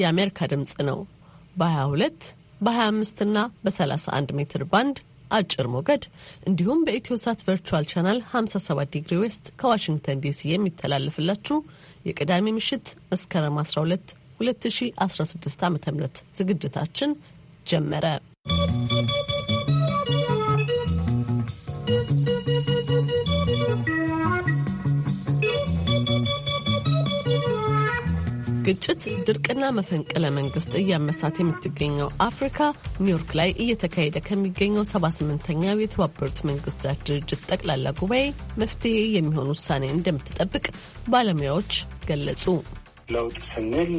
የአሜሪካ ድምፅ ነው። በ22 በ25 እና በ31 ሜትር ባንድ አጭር ሞገድ እንዲሁም በኢትዮሳት ቨርቹዋል ቻናል 57 ዲግሪ ዌስት ከዋሽንግተን ዲሲ የሚተላለፍላችሁ የቅዳሜ ምሽት መስከረም 12 2016 ዓ ም ዝግጅታችን ጀመረ። ግጭት፣ ድርቅና መፈንቅለ መንግስት እያመሳት የምትገኘው አፍሪካ ኒውዮርክ ላይ እየተካሄደ ከሚገኘው 78ኛው የተባበሩት መንግስታት ድርጅት ጠቅላላ ጉባኤ መፍትሄ የሚሆን ውሳኔ እንደምትጠብቅ ባለሙያዎች ገለጹ። ለውጥ ስንል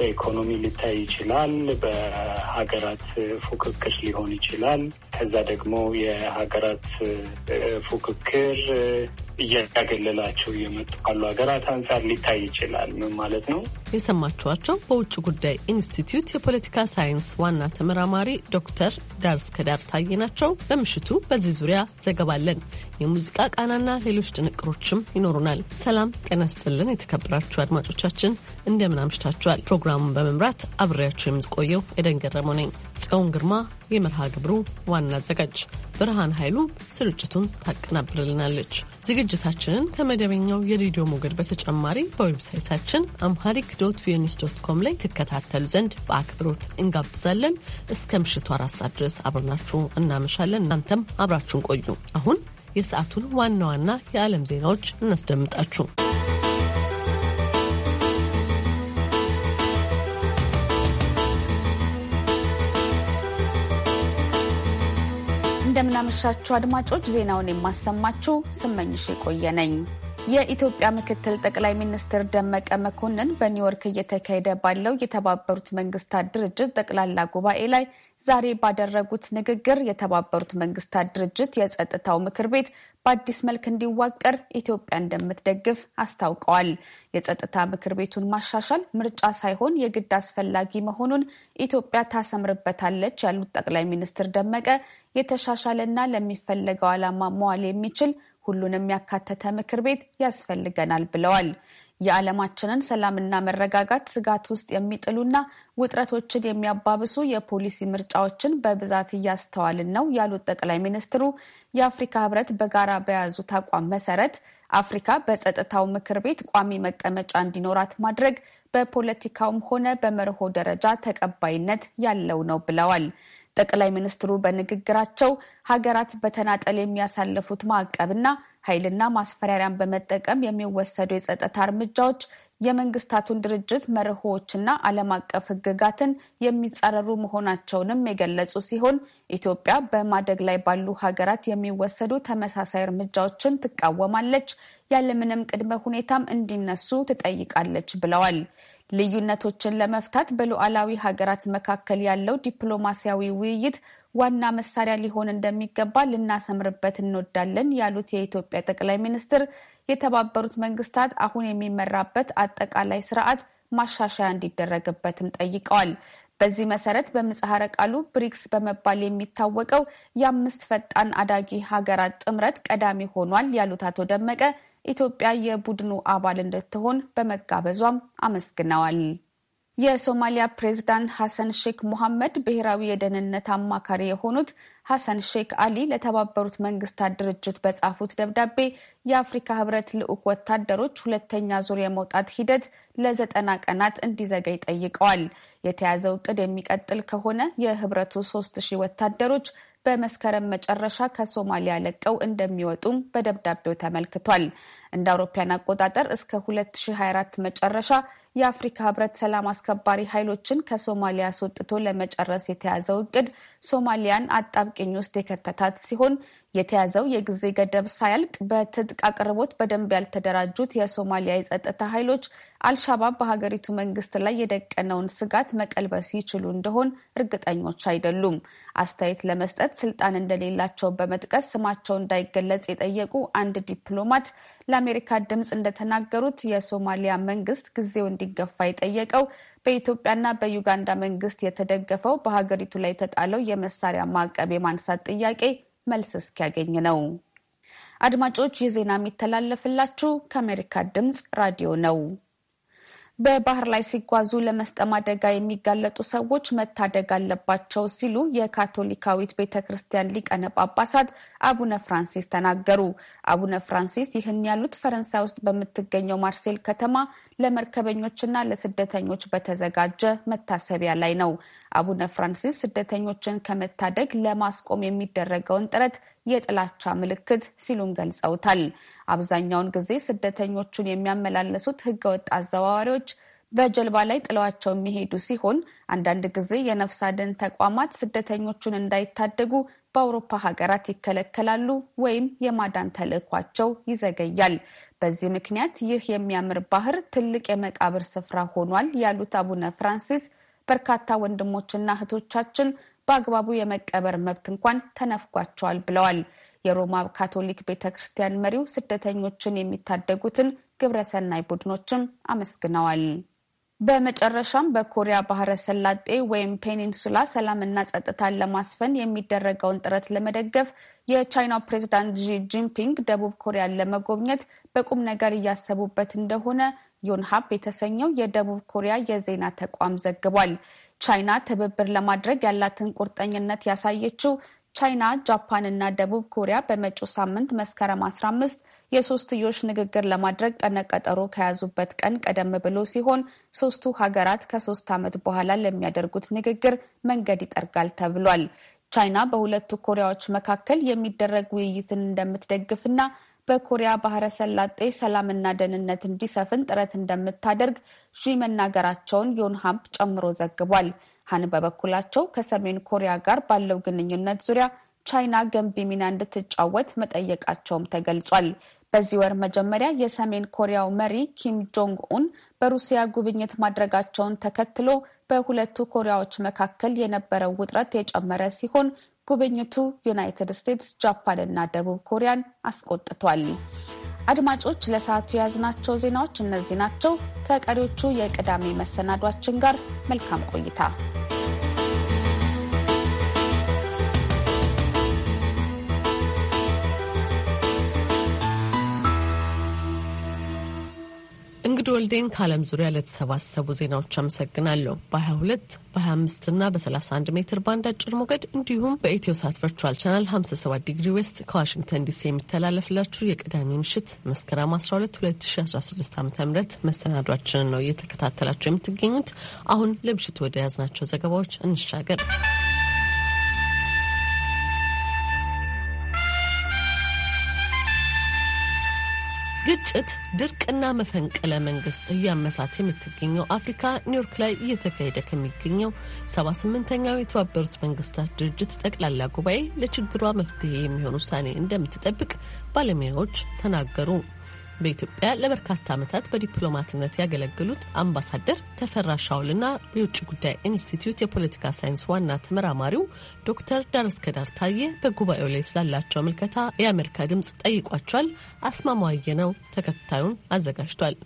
በኢኮኖሚ ሊታይ ይችላል። በሀገራት ፉክክር ሊሆን ይችላል። ከዛ ደግሞ የሀገራት ፉክክር እያገለላቸው የመጡ ካሉ ሀገራት አንጻር ሊታይ ይችላል። ምን ማለት ነው? የሰማችኋቸው በውጭ ጉዳይ ኢንስቲትዩት የፖለቲካ ሳይንስ ዋና ተመራማሪ ዶክተር ዳርስ ከዳር ታየ ናቸው። በምሽቱ በዚህ ዙሪያ ዘገባለን። የሙዚቃ ቃናና ሌሎች ጥንቅሮችም ይኖሩናል። ሰላም ጤና ስጥልን የተከበራችሁ አድማጮቻችን እንደምን አምሽታችኋል። ፕሮግራሙን በመምራት አብሬያችሁ የምትቆየው ኤደን ገረመው ነኝ። ጽዮን ግርማ የመርሃ ግብሩ ዋና አዘጋጅ፣ ብርሃን ኃይሉ ስርጭቱን ታቀናብርልናለች። ዝግጅታችንን ከመደበኛው የሬዲዮ ሞገድ በተጨማሪ በዌብሳይታችን አምሃሪክ ዶት ቪኦኤ ዶት ኮም ላይ ትከታተሉ ዘንድ በአክብሮት እንጋብዛለን። እስከ ምሽቱ አራት ሰዓት ድረስ አብረናችሁ እናመሻለን። እናንተም አብራችሁን ቆዩ። አሁን የሰዓቱን ዋና ዋና የዓለም ዜናዎች እናስደምጣችሁ። እንደምናመሻችሁ አድማጮች፣ ዜናውን የማሰማችሁ ስመኝሽ የቆየ ነኝ። የኢትዮጵያ ምክትል ጠቅላይ ሚኒስትር ደመቀ መኮንን በኒውዮርክ እየተካሄደ ባለው የተባበሩት መንግስታት ድርጅት ጠቅላላ ጉባኤ ላይ ዛሬ ባደረጉት ንግግር የተባበሩት መንግስታት ድርጅት የጸጥታው ምክር ቤት በአዲስ መልክ እንዲዋቀር ኢትዮጵያ እንደምትደግፍ አስታውቀዋል። የጸጥታ ምክር ቤቱን ማሻሻል ምርጫ ሳይሆን የግድ አስፈላጊ መሆኑን ኢትዮጵያ ታሰምርበታለች ያሉት ጠቅላይ ሚኒስትር ደመቀ የተሻሻለና ለሚፈለገው ዓላማ መዋል የሚችል ሁሉንም ያካተተ ምክር ቤት ያስፈልገናል ብለዋል። የዓለማችንን ሰላምና መረጋጋት ስጋት ውስጥ የሚጥሉና ውጥረቶችን የሚያባብሱ የፖሊሲ ምርጫዎችን በብዛት እያስተዋልን ነው ያሉት ጠቅላይ ሚኒስትሩ የአፍሪካ ህብረት በጋራ በያዙት አቋም መሰረት አፍሪካ በጸጥታው ምክር ቤት ቋሚ መቀመጫ እንዲኖራት ማድረግ በፖለቲካውም ሆነ በመርሆ ደረጃ ተቀባይነት ያለው ነው ብለዋል። ጠቅላይ ሚኒስትሩ በንግግራቸው ሀገራት በተናጠል የሚያሳልፉት ማዕቀብና ኃይልና ማስፈራሪያን በመጠቀም የሚወሰዱ የጸጥታ እርምጃዎች የመንግስታቱን ድርጅት መርሆዎችና ዓለም አቀፍ ህግጋትን የሚጻረሩ መሆናቸውንም የገለጹ ሲሆን ኢትዮጵያ በማደግ ላይ ባሉ ሀገራት የሚወሰዱ ተመሳሳይ እርምጃዎችን ትቃወማለች፣ ያለምንም ቅድመ ሁኔታም እንዲነሱ ትጠይቃለች ብለዋል። ልዩነቶችን ለመፍታት በሉዓላዊ ሀገራት መካከል ያለው ዲፕሎማሲያዊ ውይይት ዋና መሳሪያ ሊሆን እንደሚገባ ልናሰምርበት እንወዳለን ያሉት የኢትዮጵያ ጠቅላይ ሚኒስትር የተባበሩት መንግስታት አሁን የሚመራበት አጠቃላይ ስርዓት ማሻሻያ እንዲደረግበትም ጠይቀዋል። በዚህ መሰረት በምጽሐረ ቃሉ ብሪክስ በመባል የሚታወቀው የአምስት ፈጣን አዳጊ ሀገራት ጥምረት ቀዳሚ ሆኗል ያሉት አቶ ደመቀ ኢትዮጵያ የቡድኑ አባል እንድትሆን በመጋበዟም አመስግነዋል። የሶማሊያ ፕሬዝዳንት ሐሰን ሼክ ሙሐመድ ብሔራዊ የደህንነት አማካሪ የሆኑት ሐሰን ሼክ አሊ ለተባበሩት መንግስታት ድርጅት በጻፉት ደብዳቤ የአፍሪካ ህብረት ልዑክ ወታደሮች ሁለተኛ ዙር የመውጣት ሂደት ለዘጠና ቀናት እንዲዘገይ ጠይቀዋል። የተያዘው እቅድ የሚቀጥል ከሆነ የህብረቱ ሶስት ሺህ ወታደሮች በመስከረም መጨረሻ ከሶማሊያ ለቀው እንደሚወጡም በደብዳቤው ተመልክቷል። እንደ አውሮፓያን አቆጣጠር እስከ 2024 መጨረሻ የአፍሪካ ህብረት ሰላም አስከባሪ ኃይሎችን ከሶማሊያ አስወጥቶ ለመጨረስ የተያዘው እቅድ ሶማሊያን አጣብቂኝ ውስጥ የከተታት ሲሆን የተያዘው የጊዜ ገደብ ሳያልቅ በትጥቅ አቅርቦት በደንብ ያልተደራጁት የሶማሊያ የጸጥታ ኃይሎች አልሻባብ በሀገሪቱ መንግስት ላይ የደቀነውን ስጋት መቀልበስ ይችሉ እንደሆን እርግጠኞች አይደሉም። አስተያየት ለመስጠት ስልጣን እንደሌላቸው በመጥቀስ ስማቸው እንዳይገለጽ የጠየቁ አንድ ዲፕሎማት ለአሜሪካ ድምፅ እንደተናገሩት የሶማሊያ መንግስት ጊዜው እንዲገፋ የጠየቀው በኢትዮጵያና በዩጋንዳ መንግስት የተደገፈው በሀገሪቱ ላይ የተጣለው የመሳሪያ ማዕቀብ የማንሳት ጥያቄ መልስ እስኪያገኝ ነው። አድማጮች ይህ ዜና የሚተላለፍላችሁ ከአሜሪካ ድምፅ ራዲዮ ነው። በባህር ላይ ሲጓዙ ለመስጠም አደጋ የሚጋለጡ ሰዎች መታደግ አለባቸው ሲሉ የካቶሊካዊት ቤተ ክርስቲያን ሊቀነ ጳጳሳት አቡነ ፍራንሲስ ተናገሩ። አቡነ ፍራንሲስ ይህን ያሉት ፈረንሳይ ውስጥ በምትገኘው ማርሴል ከተማ ለመርከበኞችና ለስደተኞች በተዘጋጀ መታሰቢያ ላይ ነው። አቡነ ፍራንሲስ ስደተኞችን ከመታደግ ለማስቆም የሚደረገውን ጥረት የጥላቻ ምልክት ሲሉም ገልጸውታል። አብዛኛውን ጊዜ ስደተኞቹን የሚያመላለሱት ህገወጥ አዘዋዋሪዎች በጀልባ ላይ ጥለዋቸው የሚሄዱ ሲሆን አንዳንድ ጊዜ የነፍስ አድን ተቋማት ስደተኞቹን እንዳይታደጉ በአውሮፓ ሀገራት ይከለከላሉ ወይም የማዳን ተልዕኳቸው ይዘገያል። በዚህ ምክንያት ይህ የሚያምር ባህር ትልቅ የመቃብር ስፍራ ሆኗል ያሉት አቡነ ፍራንሲስ በርካታ ወንድሞችና እህቶቻችን በአግባቡ የመቀበር መብት እንኳን ተነፍጓቸዋል ብለዋል። የሮማ ካቶሊክ ቤተ ክርስቲያን መሪው ስደተኞችን የሚታደጉትን ግብረሰናይ ቡድኖችም አመስግነዋል። በመጨረሻም በኮሪያ ባህረ ሰላጤ ወይም ፔኒንሱላ ሰላምና ጸጥታን ለማስፈን የሚደረገውን ጥረት ለመደገፍ የቻይናው ፕሬዚዳንት ዢ ጂንፒንግ ደቡብ ኮሪያን ለመጎብኘት በቁም ነገር እያሰቡበት እንደሆነ ዮንሃፕ የተሰኘው የደቡብ ኮሪያ የዜና ተቋም ዘግቧል። ቻይና ትብብር ለማድረግ ያላትን ቁርጠኝነት ያሳየችው ቻይና፣ ጃፓን እና ደቡብ ኮሪያ በመጪው ሳምንት መስከረም 15 የሶስትዮሽ ንግግር ለማድረግ ቀነቀጠሮ ከያዙበት ቀን ቀደም ብሎ ሲሆን ሶስቱ ሀገራት ከሶስት ዓመት በኋላ ለሚያደርጉት ንግግር መንገድ ይጠርጋል ተብሏል። ቻይና በሁለቱ ኮሪያዎች መካከል የሚደረግ ውይይትን እንደምትደግፍና በኮሪያ ባህረ ሰላጤ ሰላምና ደህንነት እንዲሰፍን ጥረት እንደምታደርግ ዢ መናገራቸውን ዮንሃምፕ ጨምሮ ዘግቧል። ሀን በበኩላቸው ከሰሜን ኮሪያ ጋር ባለው ግንኙነት ዙሪያ ቻይና ገንቢ ሚና እንድትጫወት መጠየቃቸውም ተገልጿል። በዚህ ወር መጀመሪያ የሰሜን ኮሪያው መሪ ኪም ጆንግ ኡን በሩሲያ ጉብኝት ማድረጋቸውን ተከትሎ በሁለቱ ኮሪያዎች መካከል የነበረው ውጥረት የጨመረ ሲሆን ጉብኝቱ ዩናይትድ ስቴትስ፣ ጃፓን እና ደቡብ ኮሪያን አስቆጥቷል። አድማጮች ለሰዓቱ የያዝናቸው ዜናዎች እነዚህ ናቸው። ከቀሪዎቹ የቅዳሜ መሰናዷችን ጋር መልካም ቆይታ እንግዲህ ወልዴን ከዓለም ዙሪያ ለተሰባሰቡ ዜናዎች አመሰግናለሁ። በ22 በ25 እና በ31 ሜትር ባንድ አጭር ሞገድ እንዲሁም በኢትዮ ሳት ቨርቹዋል ቻናል 57 ዲግሪ ዌስት ከዋሽንግተን ዲሲ የሚተላለፍላችሁ የቅዳሜ ምሽት መስከረም 12 2016 ዓ ም መሰናዷችንን ነው እየተከታተላችሁ የምትገኙት። አሁን ለምሽቱ ወደ ያዝናቸው ዘገባዎች እንሻገር። ግጭት፣ ድርቅና መፈንቅለ መንግስት እያመሳት የምትገኘው አፍሪካ ኒውዮርክ ላይ እየተካሄደ ከሚገኘው 78ኛው የተባበሩት መንግስታት ድርጅት ጠቅላላ ጉባኤ ለችግሯ መፍትሄ የሚሆን ውሳኔ እንደምትጠብቅ ባለሙያዎች ተናገሩ። በኢትዮጵያ ለበርካታ ዓመታት በዲፕሎማትነት ያገለገሉት አምባሳደር ተፈራ ሻውልና የውጭ ጉዳይ ኢንስቲትዩት የፖለቲካ ሳይንስ ዋና ተመራማሪው ዶክተር ዳረስከዳር ታዬ በጉባኤው ላይ ስላላቸው ምልከታ የአሜሪካ ድምፅ ጠይቋቸዋል። አስማማዋየ ነው ተከታዩን አዘጋጅቷል።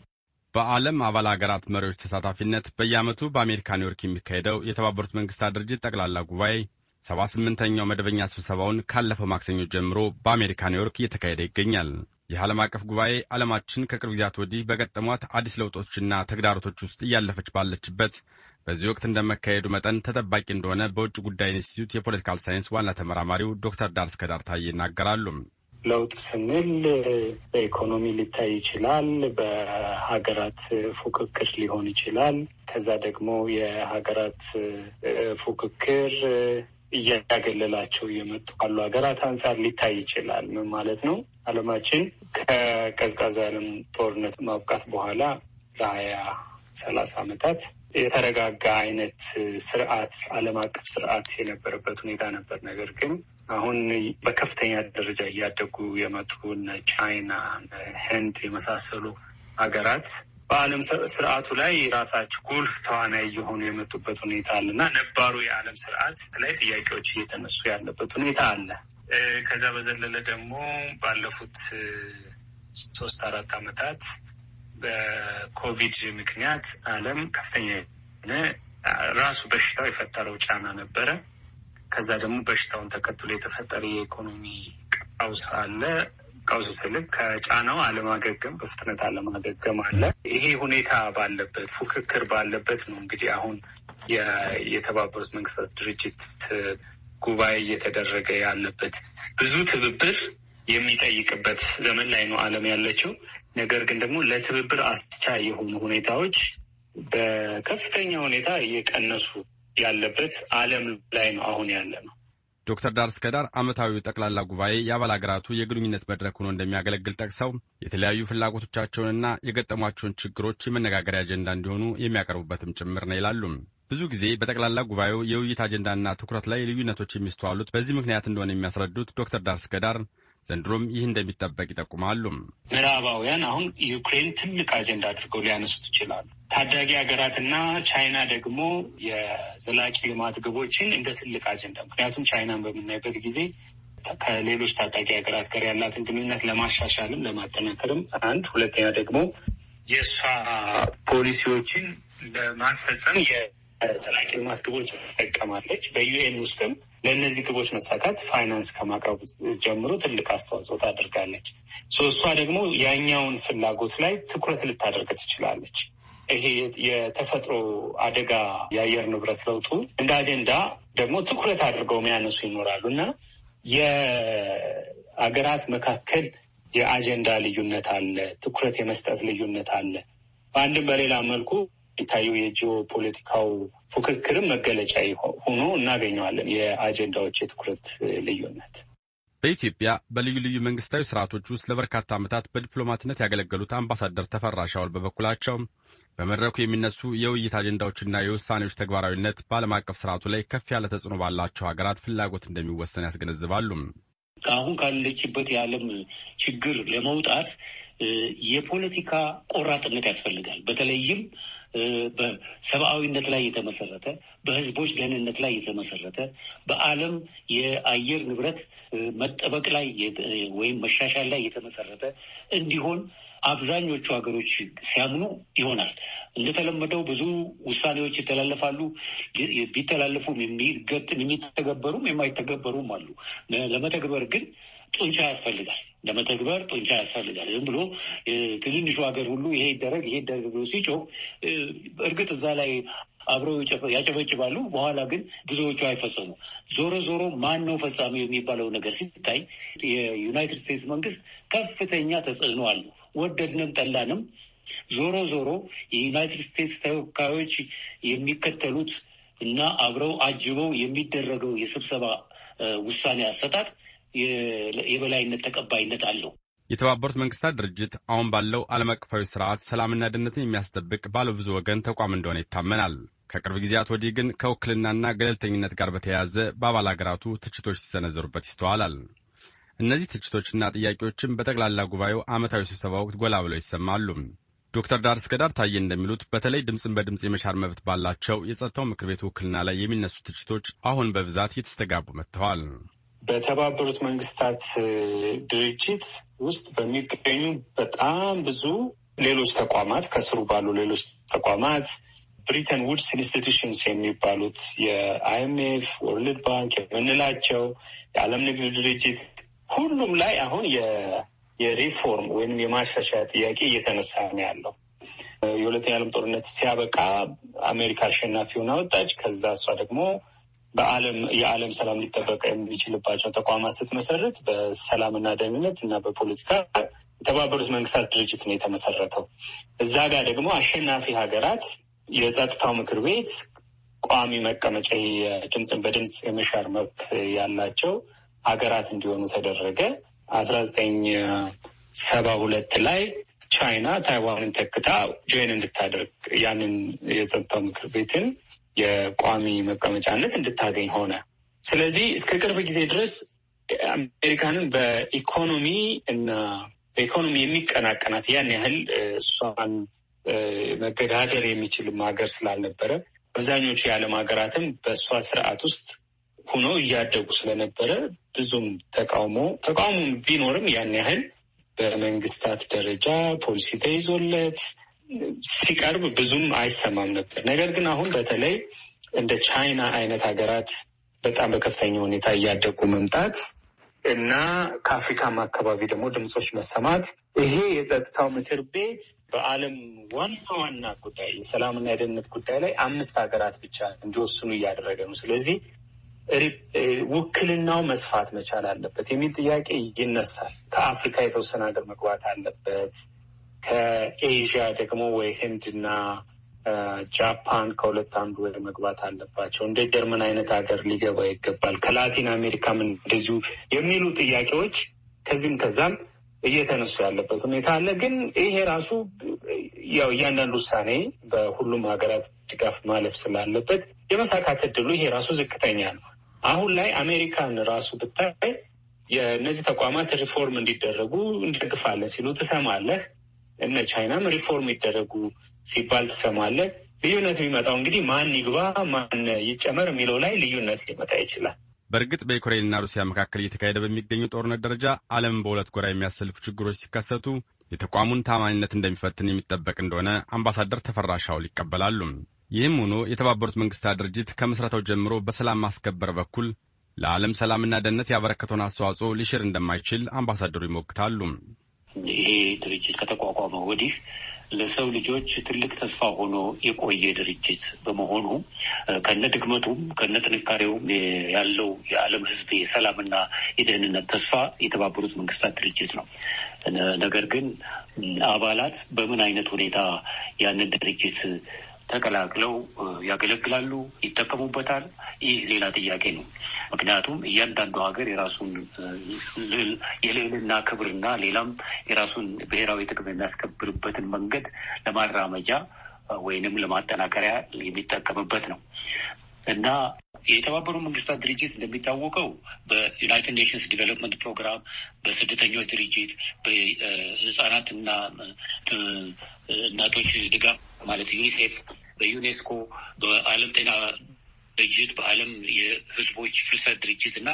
በዓለም አባል አገራት መሪዎች ተሳታፊነት በየዓመቱ በአሜሪካ ኒውዮርክ የሚካሄደው የተባበሩት መንግስታት ድርጅት ጠቅላላ ጉባኤ ሰባ ስምንተኛው መደበኛ ስብሰባውን ካለፈው ማክሰኞ ጀምሮ በአሜሪካ ኒውዮርክ እየተካሄደ ይገኛል። ይህ ዓለም አቀፍ ጉባኤ ዓለማችን ከቅርብ ጊዜያት ወዲህ በገጠሟት አዲስ ለውጦችና ተግዳሮቶች ውስጥ እያለፈች ባለችበት በዚህ ወቅት እንደመካሄዱ መጠን ተጠባቂ እንደሆነ በውጭ ጉዳይ ኢንስቲትዩት የፖለቲካል ሳይንስ ዋና ተመራማሪው ዶክተር ዳርስ ከዳር ይናገራሉ። ለውጥ ስንል በኢኮኖሚ ሊታይ ይችላል። በሀገራት ፉክክር ሊሆን ይችላል። ከዛ ደግሞ የሀገራት ፉክክር እያገለላቸው የመጡ ካሉ ሀገራት አንጻር ሊታይ ይችላል። ምን ማለት ነው? አለማችን ከቀዝቃዛ ዓለም ጦርነት ማብቃት በኋላ ለሀያ ሰላሳ ዓመታት የተረጋጋ አይነት ስርዓት ዓለም አቀፍ ስርዓት የነበረበት ሁኔታ ነበር። ነገር ግን አሁን በከፍተኛ ደረጃ እያደጉ የመጡ እነ ቻይና፣ ህንድ የመሳሰሉ ሀገራት በዓለም ስርዓቱ ላይ ራሳቸው ጉልህ ተዋናይ እየሆኑ የመጡበት ሁኔታ አለ እና ነባሩ የዓለም ስርዓት ላይ ጥያቄዎች እየተነሱ ያለበት ሁኔታ አለ። ከዛ በዘለለ ደግሞ ባለፉት ሶስት አራት አመታት በኮቪድ ምክንያት ዓለም ከፍተኛ የሆነ ራሱ በሽታው የፈጠረው ጫና ነበረ። ከዛ ደግሞ በሽታውን ተከትሎ የተፈጠረ የኢኮኖሚ ቀውስ አለ። ቀውስ ስልክ ከጫናው አለማገገም በፍጥነት አለማገገም አለ። ይሄ ሁኔታ ባለበት ፉክክር ባለበት ነው እንግዲህ አሁን የተባበሩት መንግስታት ድርጅት ጉባኤ እየተደረገ ያለበት ብዙ ትብብር የሚጠይቅበት ዘመን ላይ ነው ዓለም ያለችው። ነገር ግን ደግሞ ለትብብር አስቻይ የሆኑ ሁኔታዎች በከፍተኛ ሁኔታ እየቀነሱ ያለበት ዓለም ላይ ነው አሁን ያለ ነው። ዶክተር ዳር እስከ ዓመታዊ ጠቅላላ ጉባኤ የአባል አገራቱ የግንኙነት መድረክ ሆኖ እንደሚያገለግል ጠቅሰው የተለያዩ ፍላጎቶቻቸውንና የገጠሟቸውን ችግሮች የመነጋገሪያ አጀንዳ እንዲሆኑ የሚያቀርቡበትም ጭምር ነው ይላሉ። ብዙ ጊዜ በጠቅላላ ጉባኤው የውይይት አጀንዳና ትኩረት ላይ ልዩነቶች የሚስተዋሉት በዚህ ምክንያት እንደሆነ የሚያስረዱት ዶክተር ዳር እስከ ዘንድሮም ይህ እንደሚጠበቅ ይጠቁማሉ። ምዕራባውያን አሁን ዩክሬን ትልቅ አጀንዳ አድርገው ሊያነሱት ይችላሉ። ታዳጊ ሀገራትና ቻይና ደግሞ የዘላቂ ልማት ግቦችን እንደ ትልቅ አጀንዳ ምክንያቱም ቻይናን በምናይበት ጊዜ ከሌሎች ታዳጊ ሀገራት ጋር ያላትን ግንኙነት ለማሻሻልም ለማጠናከርም አንድ፣ ሁለተኛ ደግሞ የእሷ ፖሊሲዎችን ለማስፈጸም ዘላቂ ልማት ግቦች ትጠቀማለች። በዩኤን ውስጥም ለእነዚህ ግቦች መሳካት ፋይናንስ ከማቅረቡ ጀምሮ ትልቅ አስተዋጽኦ ታደርጋለች። እሷ ደግሞ ያኛውን ፍላጎት ላይ ትኩረት ልታደርግ ትችላለች። ይሄ የተፈጥሮ አደጋ የአየር ንብረት ለውጡ እንደ አጀንዳ ደግሞ ትኩረት አድርገው የሚያነሱ ይኖራሉ እና የአገራት መካከል የአጀንዳ ልዩነት አለ፣ ትኩረት የመስጠት ልዩነት አለ። በአንድም በሌላ መልኩ የሚታየው የጂኦ ፖለቲካው ፉክክርም መገለጫ ሆኖ እናገኘዋለን። የአጀንዳዎች የትኩረት ልዩነት በኢትዮጵያ በልዩ ልዩ መንግስታዊ ስርዓቶች ውስጥ ለበርካታ ዓመታት በዲፕሎማትነት ያገለገሉት አምባሳደር ተፈራ ሻውል በበኩላቸው በመድረኩ የሚነሱ የውይይት አጀንዳዎችና የውሳኔዎች ተግባራዊነት በዓለም አቀፍ ስርዓቱ ላይ ከፍ ያለ ተጽዕኖ ባላቸው ሀገራት ፍላጎት እንደሚወሰን ያስገነዝባሉ። አሁን ካለችበት የዓለም ችግር ለመውጣት የፖለቲካ ቆራጥነት ያስፈልጋል። በተለይም በሰብአዊነት ላይ የተመሰረተ በህዝቦች ደህንነት ላይ የተመሰረተ በዓለም የአየር ንብረት መጠበቅ ላይ ወይም መሻሻል ላይ የተመሰረተ እንዲሆን አብዛኞቹ ሀገሮች ሲያምኑ ይሆናል። እንደተለመደው ብዙ ውሳኔዎች ይተላለፋሉ። ቢተላለፉም የሚገጥም የሚተገበሩም የማይተገበሩም አሉ። ለመተግበር ግን ጡንቻ ያስፈልጋል። ለመተግበር ጡንቻ ያስፈልጋል። ዝም ብሎ ትንንሹ ሀገር ሁሉ ይሄ ይደረግ ይሄ ይደረግ ብሎ ሲጮህ እርግጥ እዛ ላይ አብረው ያጨበጭባሉ። በኋላ ግን ብዙዎቹ አይፈጸሙ። ዞሮ ዞሮ ማን ነው ፈጻሚ የሚባለው ነገር ሲታይ የዩናይትድ ስቴትስ መንግስት ከፍተኛ ተጽዕኖ አለ ወደድንም ጠላንም ዞሮ ዞሮ የዩናይትድ ስቴትስ ተወካዮች የሚከተሉት እና አብረው አጅበው የሚደረገው የስብሰባ ውሳኔ አሰጣጥ የበላይነት ተቀባይነት አለው። የተባበሩት መንግስታት ድርጅት አሁን ባለው ዓለም አቀፋዊ ስርዓት ሰላምና ደህንነትን የሚያስጠብቅ ባለብዙ ወገን ተቋም እንደሆነ ይታመናል። ከቅርብ ጊዜያት ወዲህ ግን ከውክልናና ገለልተኝነት ጋር በተያያዘ በአባል አገራቱ ትችቶች ሲሰነዘሩበት ይስተዋላል። እነዚህ ትችቶችና ጥያቄዎችም በጠቅላላ ጉባኤው ዓመታዊ ስብሰባ ወቅት ጎላ ብለው ይሰማሉ። ዶክተር ዳር እስከ ዳር ታዬ እንደሚሉት በተለይ ድምፅን በድምፅ የመሻር መብት ባላቸው የጸጥታው ምክር ቤት ውክልና ላይ የሚነሱ ትችቶች አሁን በብዛት እየተስተጋቡ መጥተዋል። በተባበሩት መንግስታት ድርጅት ውስጥ በሚገኙ በጣም ብዙ ሌሎች ተቋማት ከስሩ ባሉ ሌሎች ተቋማት ብሪተን ውድስ ኢንስቲቱሽንስ የሚባሉት የአይኤምኤፍ፣ ወርልድ ባንክ የምንላቸው የዓለም ንግድ ድርጅት ሁሉም ላይ አሁን የሪፎርም ወይም የማሻሻያ ጥያቄ እየተነሳ ነው ያለው። የሁለተኛ ዓለም ጦርነት ሲያበቃ አሜሪካ አሸናፊውን አወጣች። ከዛ እሷ ደግሞ በዓለም የዓለም ሰላም ሊጠበቀ የሚችልባቸው ተቋማት ስትመሰረት በሰላምና ደህንነት እና በፖለቲካ የተባበሩት መንግስታት ድርጅት ነው የተመሰረተው። እዛ ጋር ደግሞ አሸናፊ ሀገራት የጸጥታው ምክር ቤት ቋሚ መቀመጫ የድምፅን በድምፅ የመሻር መብት ያላቸው ሀገራት እንዲሆኑ ተደረገ። አስራ ዘጠኝ ሰባ ሁለት ላይ ቻይና ታይዋንን ተክታ ጆይን እንድታደርግ ያንን የጸጥታው ምክር ቤትን የቋሚ መቀመጫነት እንድታገኝ ሆነ። ስለዚህ እስከ ቅርብ ጊዜ ድረስ አሜሪካንን በኢኮኖሚ እና በኢኮኖሚ የሚቀናቀናት ያን ያህል እሷን መገዳደር የሚችልም ሀገር ስላልነበረ አብዛኞቹ የዓለም ሀገራትም በእሷ ስርዓት ውስጥ ሁኖ እያደጉ ስለነበረ ብዙም ተቃውሞ ተቃውሞ ቢኖርም ያን ያህል በመንግስታት ደረጃ ፖሊሲ ተይዞለት ሲቀርብ ብዙም አይሰማም ነበር። ነገር ግን አሁን በተለይ እንደ ቻይና አይነት ሀገራት በጣም በከፍተኛ ሁኔታ እያደጉ መምጣት እና ከአፍሪካም አካባቢ ደግሞ ድምፆች መሰማት ይሄ የጸጥታው ምክር ቤት በዓለም ዋና ዋና ጉዳይ የሰላምና የደህንነት ጉዳይ ላይ አምስት ሀገራት ብቻ እንዲወስኑ እያደረገ ነው። ስለዚህ ውክልናው መስፋት መቻል አለበት የሚል ጥያቄ ይነሳል። ከአፍሪካ የተወሰነ ሀገር መግባት አለበት ከኤዥያ ደግሞ ወይ ህንድና ጃፓን ከሁለት አንዱ ወደ መግባት አለባቸው። እንደ ጀርመን አይነት ሀገር ሊገባ ይገባል። ከላቲን አሜሪካም እንደዚሁ የሚሉ ጥያቄዎች ከዚህም ከዛም እየተነሱ ያለበት ሁኔታ አለ። ግን ይሄ ራሱ ያው እያንዳንዱ ውሳኔ በሁሉም ሀገራት ድጋፍ ማለፍ ስላለበት የመሳካት እድሉ ይሄ ራሱ ዝቅተኛ ነው። አሁን ላይ አሜሪካን ራሱ ብታይ የእነዚህ ተቋማት ሪፎርም እንዲደረጉ እንደግፋለን ሲሉ ትሰማለህ። እነ ቻይናም ሪፎርም ይደረጉ ሲባል ትሰማለህ። ልዩነት የሚመጣው እንግዲህ ማን ይግባ ማን ይጨመር የሚለው ላይ ልዩነት ሊመጣ ይችላል። በእርግጥ በዩክሬንና ሩሲያ መካከል እየተካሄደ በሚገኘው ጦርነት ደረጃ ዓለምን በሁለት ጎራ የሚያሰልፉ ችግሮች ሲከሰቱ የተቋሙን ታማኝነት እንደሚፈትን የሚጠበቅ እንደሆነ አምባሳደር ተፈራሻው ይቀበላሉ። ይህም ሆኖ የተባበሩት መንግስታት ድርጅት ከምስረታው ጀምሮ በሰላም ማስከበር በኩል ለዓለም ሰላምና ደህንነት ያበረከተውን አስተዋጽኦ ሊሽር እንደማይችል አምባሳደሩ ይሞግታሉ። ይሄ ድርጅት ከተቋቋመ ወዲህ ለሰው ልጆች ትልቅ ተስፋ ሆኖ የቆየ ድርጅት በመሆኑ ከነ ድክመቱም ከነ ጥንካሬውም ያለው የዓለም ሕዝብ የሰላምና የደህንነት ተስፋ የተባበሩት መንግስታት ድርጅት ነው። ነገር ግን አባላት በምን አይነት ሁኔታ ያንን ድርጅት ተቀላቅለው ያገለግላሉ፣ ይጠቀሙበታል። ይህ ሌላ ጥያቄ ነው። ምክንያቱም እያንዳንዱ ሀገር የራሱን የልዕልና ክብርና ሌላም የራሱን ብሔራዊ ጥቅም የሚያስከብርበትን መንገድ ለማራመጃ ወይንም ለማጠናከሪያ የሚጠቀምበት ነው። እና የተባበሩ መንግስታት ድርጅት እንደሚታወቀው በዩናይትድ ኔሽንስ ዲቨሎፕመንት ፕሮግራም፣ በስደተኞች ድርጅት፣ በህጻናትና እናቶች ድጋፍ ማለት ዩኒሴፍ፣ በዩኔስኮ፣ በዓለም ጤና ድርጅት በዓለም የህዝቦች ፍልሰት ድርጅት እና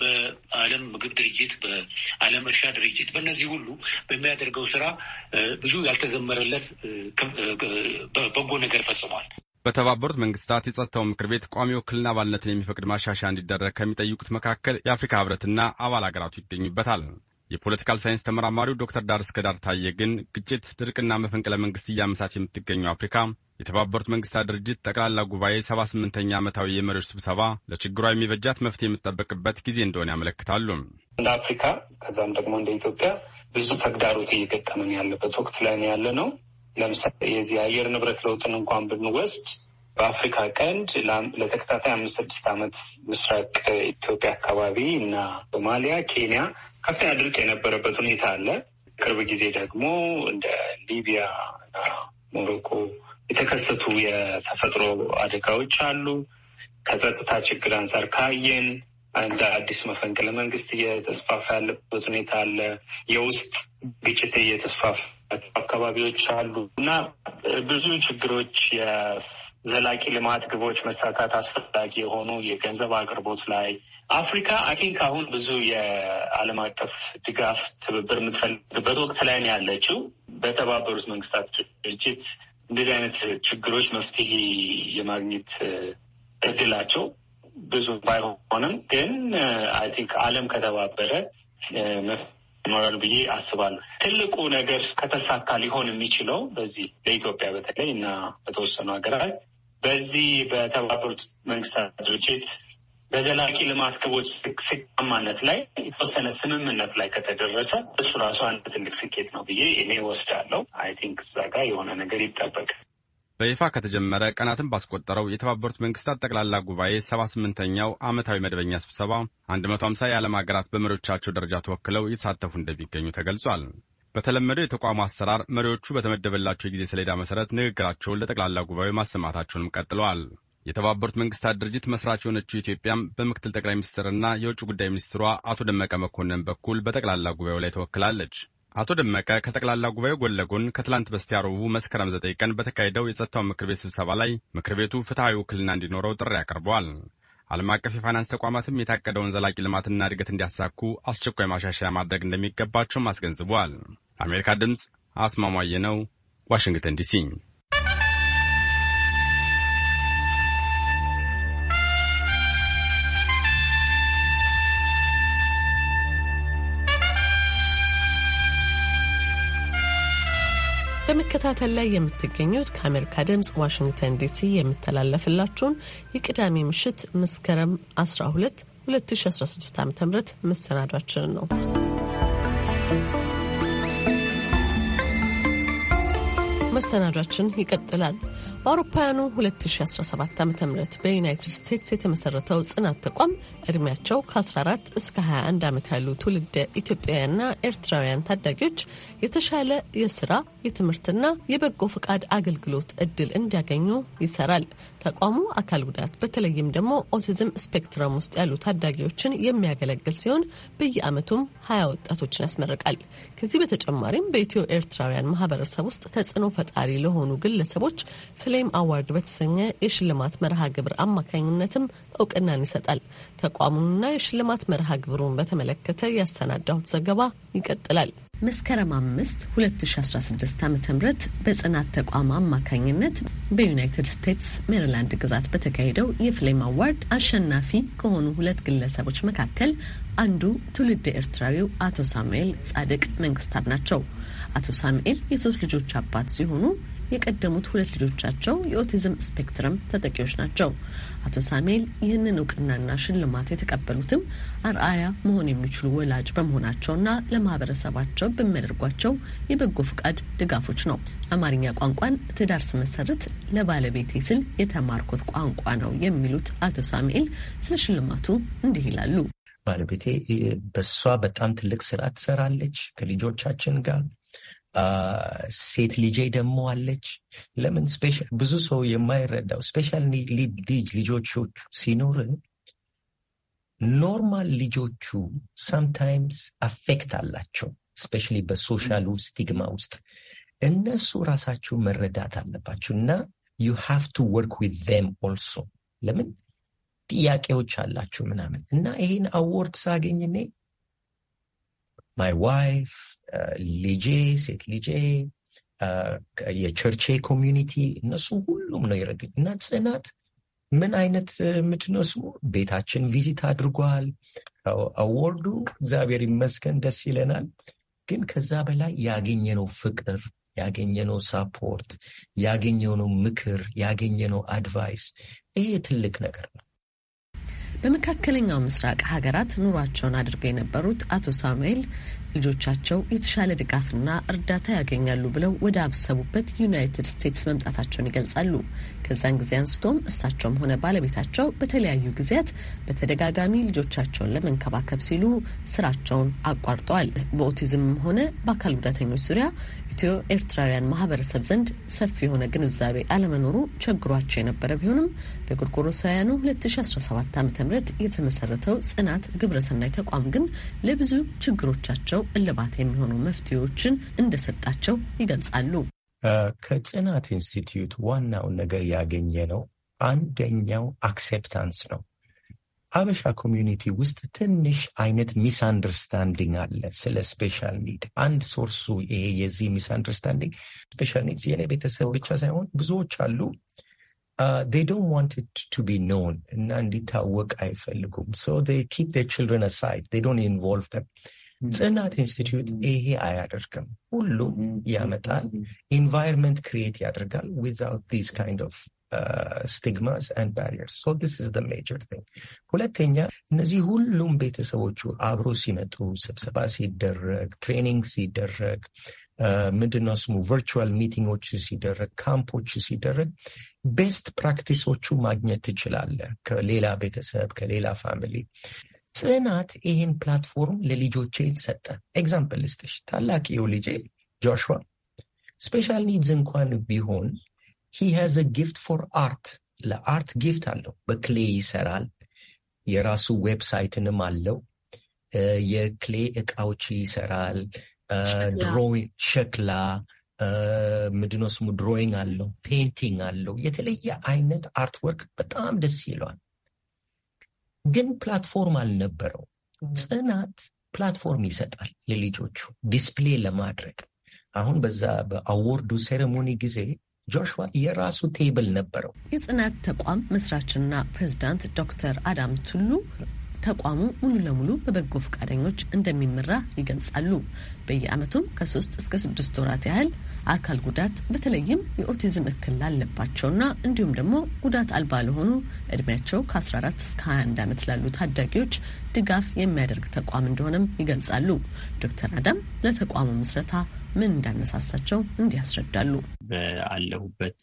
በዓለም ምግብ ድርጅት በዓለም እርሻ ድርጅት በእነዚህ ሁሉ በሚያደርገው ስራ ብዙ ያልተዘመረለት በጎ ነገር ፈጽሟል። በተባበሩት መንግስታት የጸጥታው ምክር ቤት ቋሚ ውክልና አባልነትን የሚፈቅድ ማሻሻያ እንዲደረግ ከሚጠይቁት መካከል የአፍሪካ ህብረትና አባል አገራቱ ይገኙበታል። የፖለቲካል ሳይንስ ተመራማሪው ዶክተር ዳር እስከ ዳር ታየ ግን ግጭት፣ ድርቅና መፈንቅለ መንግስት እያመሳት የምትገኘው አፍሪካ የተባበሩት መንግስታት ድርጅት ጠቅላላ ጉባኤ ሰባ ስምንተኛ ዓመታዊ የመሪዎች ስብሰባ ለችግሯ የሚበጃት መፍትሄ የምትጠበቅበት ጊዜ እንደሆነ ያመለክታሉ። እንደ አፍሪካ ከዛም ደግሞ እንደ ኢትዮጵያ ብዙ ተግዳሮት እየገጠመን ያለበት ወቅት ላይ ያለ ነው። ለምሳሌ የዚህ የአየር ንብረት ለውጥን እንኳን ብንወስድ በአፍሪካ ቀንድ ለተከታታይ አምስት ስድስት ዓመት ምስራቅ ኢትዮጵያ አካባቢ እና ሶማሊያ፣ ኬንያ ከፍተኛ ድርቅ የነበረበት ሁኔታ አለ። ቅርብ ጊዜ ደግሞ እንደ ሊቢያ እና ሞሮኮ የተከሰቱ የተፈጥሮ አደጋዎች አሉ። ከጸጥታ ችግር አንጻር ካየን እንደ አዲስ መፈንቅለ መንግስት እየተስፋፋ ያለበት ሁኔታ አለ። የውስጥ ግጭት እየተስፋፋ አካባቢዎች አሉ እና ብዙ ችግሮች የዘላቂ ልማት ግቦች መሳካት አስፈላጊ የሆኑ የገንዘብ አቅርቦት ላይ አፍሪካ አኪንክ አሁን ብዙ የዓለም አቀፍ ድጋፍ ትብብር የምትፈልግበት ወቅት ላይ ነው ያለችው። በተባበሩት መንግስታት ድርጅት እንደዚህ አይነት ችግሮች መፍትሄ የማግኘት እድላቸው ብዙ ባይሆንም ግን አይ ቲንክ ከተባበረ ይኖራል ብዬ አስባለሁ። ትልቁ ነገር ከተሳካ ሊሆን የሚችለው በዚህ በኢትዮጵያ በተለይ እና በተወሰኑ ሀገራት በዚህ በተባበሩት መንግስታት ድርጅት በዘላቂ ልማት ግቦች ስኬታማነት ላይ የተወሰነ ስምምነት ላይ ከተደረሰ እሱ ራሱ አንድ ትልቅ ስኬት ነው ብዬ እኔ ወስዳለሁ። አይ ቲንክ እዛ ጋር የሆነ ነገር ይጠበቅ በይፋ ከተጀመረ ቀናትን ባስቆጠረው የተባበሩት መንግስታት ጠቅላላ ጉባኤ ሰባ ኛው ዓመታዊ መደበኛ ስብሰባ 150 የዓለም ሀገራት በመሪዎቻቸው ደረጃ ተወክለው እየተሳተፉ እንደሚገኙ ተገልጿል። በተለመደው የተቋሙ አሰራር መሪዎቹ በተመደበላቸው የጊዜ ሰሌዳ መሠረት ንግግራቸውን ለጠቅላላ ጉባኤ ማሰማታቸውንም ቀጥለዋል። የተባበሩት መንግስታት ድርጅት መስራች የሆነችው ኢትዮጵያም በምክትል ጠቅላይ ሚኒስትርና የውጭ ጉዳይ ሚኒስትሯ አቶ ደመቀ መኮንን በኩል በጠቅላላ ጉባኤው ላይ ተወክላለች። አቶ ደመቀ ከጠቅላላ ጉባኤው ጎን ለጎን ከትላንት በስቲያ ረቡዕ መስከረም ዘጠኝ ቀን በተካሄደው የጸጥታው ምክር ቤት ስብሰባ ላይ ምክር ቤቱ ፍትሐዊ ውክልና እንዲኖረው ጥሪ አቅርበዋል። ዓለም አቀፍ የፋይናንስ ተቋማትም የታቀደውን ዘላቂ ልማትና እድገት እንዲያሳኩ አስቸኳይ ማሻሻያ ማድረግ እንደሚገባቸውም አስገንዝበዋል። ለአሜሪካ ድምፅ አስማማየ ነው፣ ዋሽንግተን ዲሲ በመከታተል ላይ የምትገኙት ከአሜሪካ ድምፅ ዋሽንግተን ዲሲ የምተላለፍላችሁን የቅዳሜ ምሽት መስከረም 12 2016 ዓ ም መሰናዷችን ነው። መሰናዷችን ይቀጥላል። በአውሮፓውያኑ 2017 ዓ ም በዩናይትድ ስቴትስ የተመሰረተው ጽናት ተቋም ዕድሜያቸው ከ14 እስከ 21 ዓመት ያሉ ትውልደ ኢትዮጵያውያንና ኤርትራውያን ታዳጊዎች የተሻለ የስራ የትምህርትና የበጎ ፈቃድ አገልግሎት እድል እንዲያገኙ ይሰራል። ተቋሙ አካል ጉዳት በተለይም ደግሞ ኦቲዝም ስፔክትረም ውስጥ ያሉ ታዳጊዎችን የሚያገለግል ሲሆን በየዓመቱም ሀያ ወጣቶችን ያስመርቃል። ከዚህ በተጨማሪም በኢትዮ ኤርትራውያን ማህበረሰብ ውስጥ ተጽዕኖ ፈጣሪ ለሆኑ ግለሰቦች ፍሌም አዋርድ በተሰኘ የሽልማት መርሃ ግብር አማካኝነትም እውቅናን ይሰጣል። ተቋሙንና የሽልማት መርሃ ግብሩን በተመለከተ ያሰናዳሁት ዘገባ ይቀጥላል። መስከረም አምስት 2016 ዓ ም በጽናት ተቋም አማካኝነት በዩናይትድ ስቴትስ ሜሪላንድ ግዛት በተካሄደው የፍሌም አዋርድ አሸናፊ ከሆኑ ሁለት ግለሰቦች መካከል አንዱ ትውልድ ኤርትራዊው አቶ ሳሙኤል ጻድቅ መንግስታብ ናቸው። አቶ ሳሙኤል የሶስት ልጆች አባት ሲሆኑ የቀደሙት ሁለት ልጆቻቸው የኦቲዝም ስፔክትረም ተጠቂዎች ናቸው። አቶ ሳሙኤል ይህንን እውቅናና ሽልማት የተቀበሉትም አርአያ መሆን የሚችሉ ወላጅ በመሆናቸውና ለማህበረሰባቸው በሚያደርጓቸው የበጎ ፍቃድ ድጋፎች ነው። አማርኛ ቋንቋን ትዳር ስመሰርት ለባለቤቴ ስል የተማርኩት ቋንቋ ነው የሚሉት አቶ ሳሙኤል ስለ ሽልማቱ እንዲህ ይላሉ። ባለቤቴ በሷ በጣም ትልቅ ስራ ትሰራለች ከልጆቻችን ጋር ሴት ልጄ ደግሞ አለች። ለምን ስፔሻል ብዙ ሰው የማይረዳው ስፔሻል ልጅ ልጆቹ ሲኖር ኖርማል ልጆቹ ሳምታይምስ አፌክት አላቸው። ስፔሻሊ በሶሻሉ ስቲግማ ውስጥ እነሱ ራሳቸው መረዳት አለባቸው እና ዩ ሃቭ ቱ ወርክ ዊዝ ዘም ኦልሶ ለምን ጥያቄዎች አላቸው ምናምን እና ይህን አዎርድ ሳገኝ እኔ ማይ ዋይፍ፣ uh, ልጄ፣ ሴት ልጄ፣ uh, የቸርቼ ኮሚዩኒቲ እነሱ ሁሉም ነው ይረዱ እና ጽናት ምን አይነት የምትነሱ uh, ቤታችን ቪዚት አድርጓል። አዋርዱ እግዚአብሔር ይመስገን ደስ ይለናል። ግን ከዛ በላይ ያገኘነው ፍቅር፣ ያገኘነው ሳፖርት፣ ያገኘነው ምክር፣ ያገኘነው አድቫይስ ይሄ ትልቅ ነገር ነው። በመካከለኛው ምስራቅ ሀገራት ኑሯቸውን አድርገው የነበሩት አቶ ሳሙኤል ልጆቻቸው የተሻለ ድጋፍና እርዳታ ያገኛሉ ብለው ወደ አብሰቡበት ዩናይትድ ስቴትስ መምጣታቸውን ይገልጻሉ። ከዛን ጊዜ አንስቶም እሳቸውም ሆነ ባለቤታቸው በተለያዩ ጊዜያት በተደጋጋሚ ልጆቻቸውን ለመንከባከብ ሲሉ ስራቸውን አቋርጠዋል። በኦቲዝምም ሆነ በአካል ጉዳተኞች ዙሪያ ኢትዮ ኤርትራውያን ማህበረሰብ ዘንድ ሰፊ የሆነ ግንዛቤ አለመኖሩ ቸግሯቸው የነበረ ቢሆንም በጎርጎሮሳውያኑ 2017 ዓ ም የተመሰረተው ጽናት ግብረሰናይ ተቋም ግን ለብዙ ችግሮቻቸው እልባት የሚሆኑ መፍትሄዎችን እንደሰጣቸው ይገልጻሉ። ከጽናት ኢንስቲትዩት ዋናውን ነገር ያገኘ ነው። አንደኛው አክሴፕታንስ ነው። አበሻ ኮሚዩኒቲ ውስጥ ትንሽ አይነት ሚስአንደርስታንዲንግ አለ ስለ ስፔሻል ኒድ። አንድ ሶርሱ ይሄ የዚህ ሚስአንደርስታንዲንግ ስፔሻል ኒድ የኔ ቤተሰብ ብቻ ሳይሆን ብዙዎች አሉ they ዶንት ዋንት it to be known እና እንዲታወቅ አይፈልጉም። ሶ ኪፕ keep አሳይድ children aside they don't ጽናት ኢንስቲትዩት ይሄ አያደርግም። ሁሉም ያመጣል፣ ኢንቫይሮንመንት ክሪኤት ያደርጋል ዊዛውት ዲስ ካይንድ ኦፍ ስቲግማስ አንድ ባሪየርስ ሶ ዲስ ኢዝ ሜጀር ቲንግ። ሁለተኛ እነዚህ ሁሉም ቤተሰቦቹ አብሮ ሲመጡ ስብሰባ ሲደረግ፣ ትሬኒንግ ሲደረግ፣ uh, ምንድነው ስሙ ቨርቹዋል ሚቲንጎች ሲደረግ፣ ካምፖች ሲደረግ ቤስት ፕራክቲሶቹ ማግኘት ትችላለህ ከሌላ ቤተሰብ ከሌላ ፋሚሊ ጽናት ይህን ፕላትፎርም ለልጆቼ ሰጠ። ኤግዛምፕል ልስጥሽ። ታላቅ የው ልጄ ጆሹዋ ስፔሻል ኒድስ እንኳን ቢሆን ሂ ሃዝ ጊፍት ፎር አርት፣ ለአርት ጊፍት አለው። በክሌ ይሰራል። የራሱ ዌብሳይትንም አለው። የክሌ እቃዎች ይሰራል። ድሮዊንግ፣ ሸክላ ምድኖ ስሙ ድሮዊንግ አለው፣ ፔንቲንግ አለው። የተለየ አይነት አርትወርክ በጣም ደስ ይለዋል። ግን ፕላትፎርም አልነበረው። ጽናት ፕላትፎርም ይሰጣል ለልጆቹ ዲስፕሌ ለማድረግ። አሁን በዛ በአዎርዱ ሴሬሞኒ ጊዜ ጆሹዋ የራሱ ቴብል ነበረው። የጽናት ተቋም መስራችና ፕሬዚዳንት ዶክተር አዳም ቱሉ ተቋሙ ሙሉ ለሙሉ በበጎ ፈቃደኞች እንደሚመራ ይገልጻሉ። በየአመቱም ከሶስት እስከ ስድስት ወራት ያህል አካል ጉዳት በተለይም የኦቲዝም እክል ላለባቸውና እንዲሁም ደግሞ ጉዳት አልባ ለሆኑ እድሜያቸው ከ14 እስከ 21 ዓመት ላሉ ታዳጊዎች ድጋፍ የሚያደርግ ተቋም እንደሆነም ይገልጻሉ። ዶክተር አዳም ለተቋሙ ምስረታ ምን እንዳነሳሳቸው እንዲያስረዳሉ በአለሁበት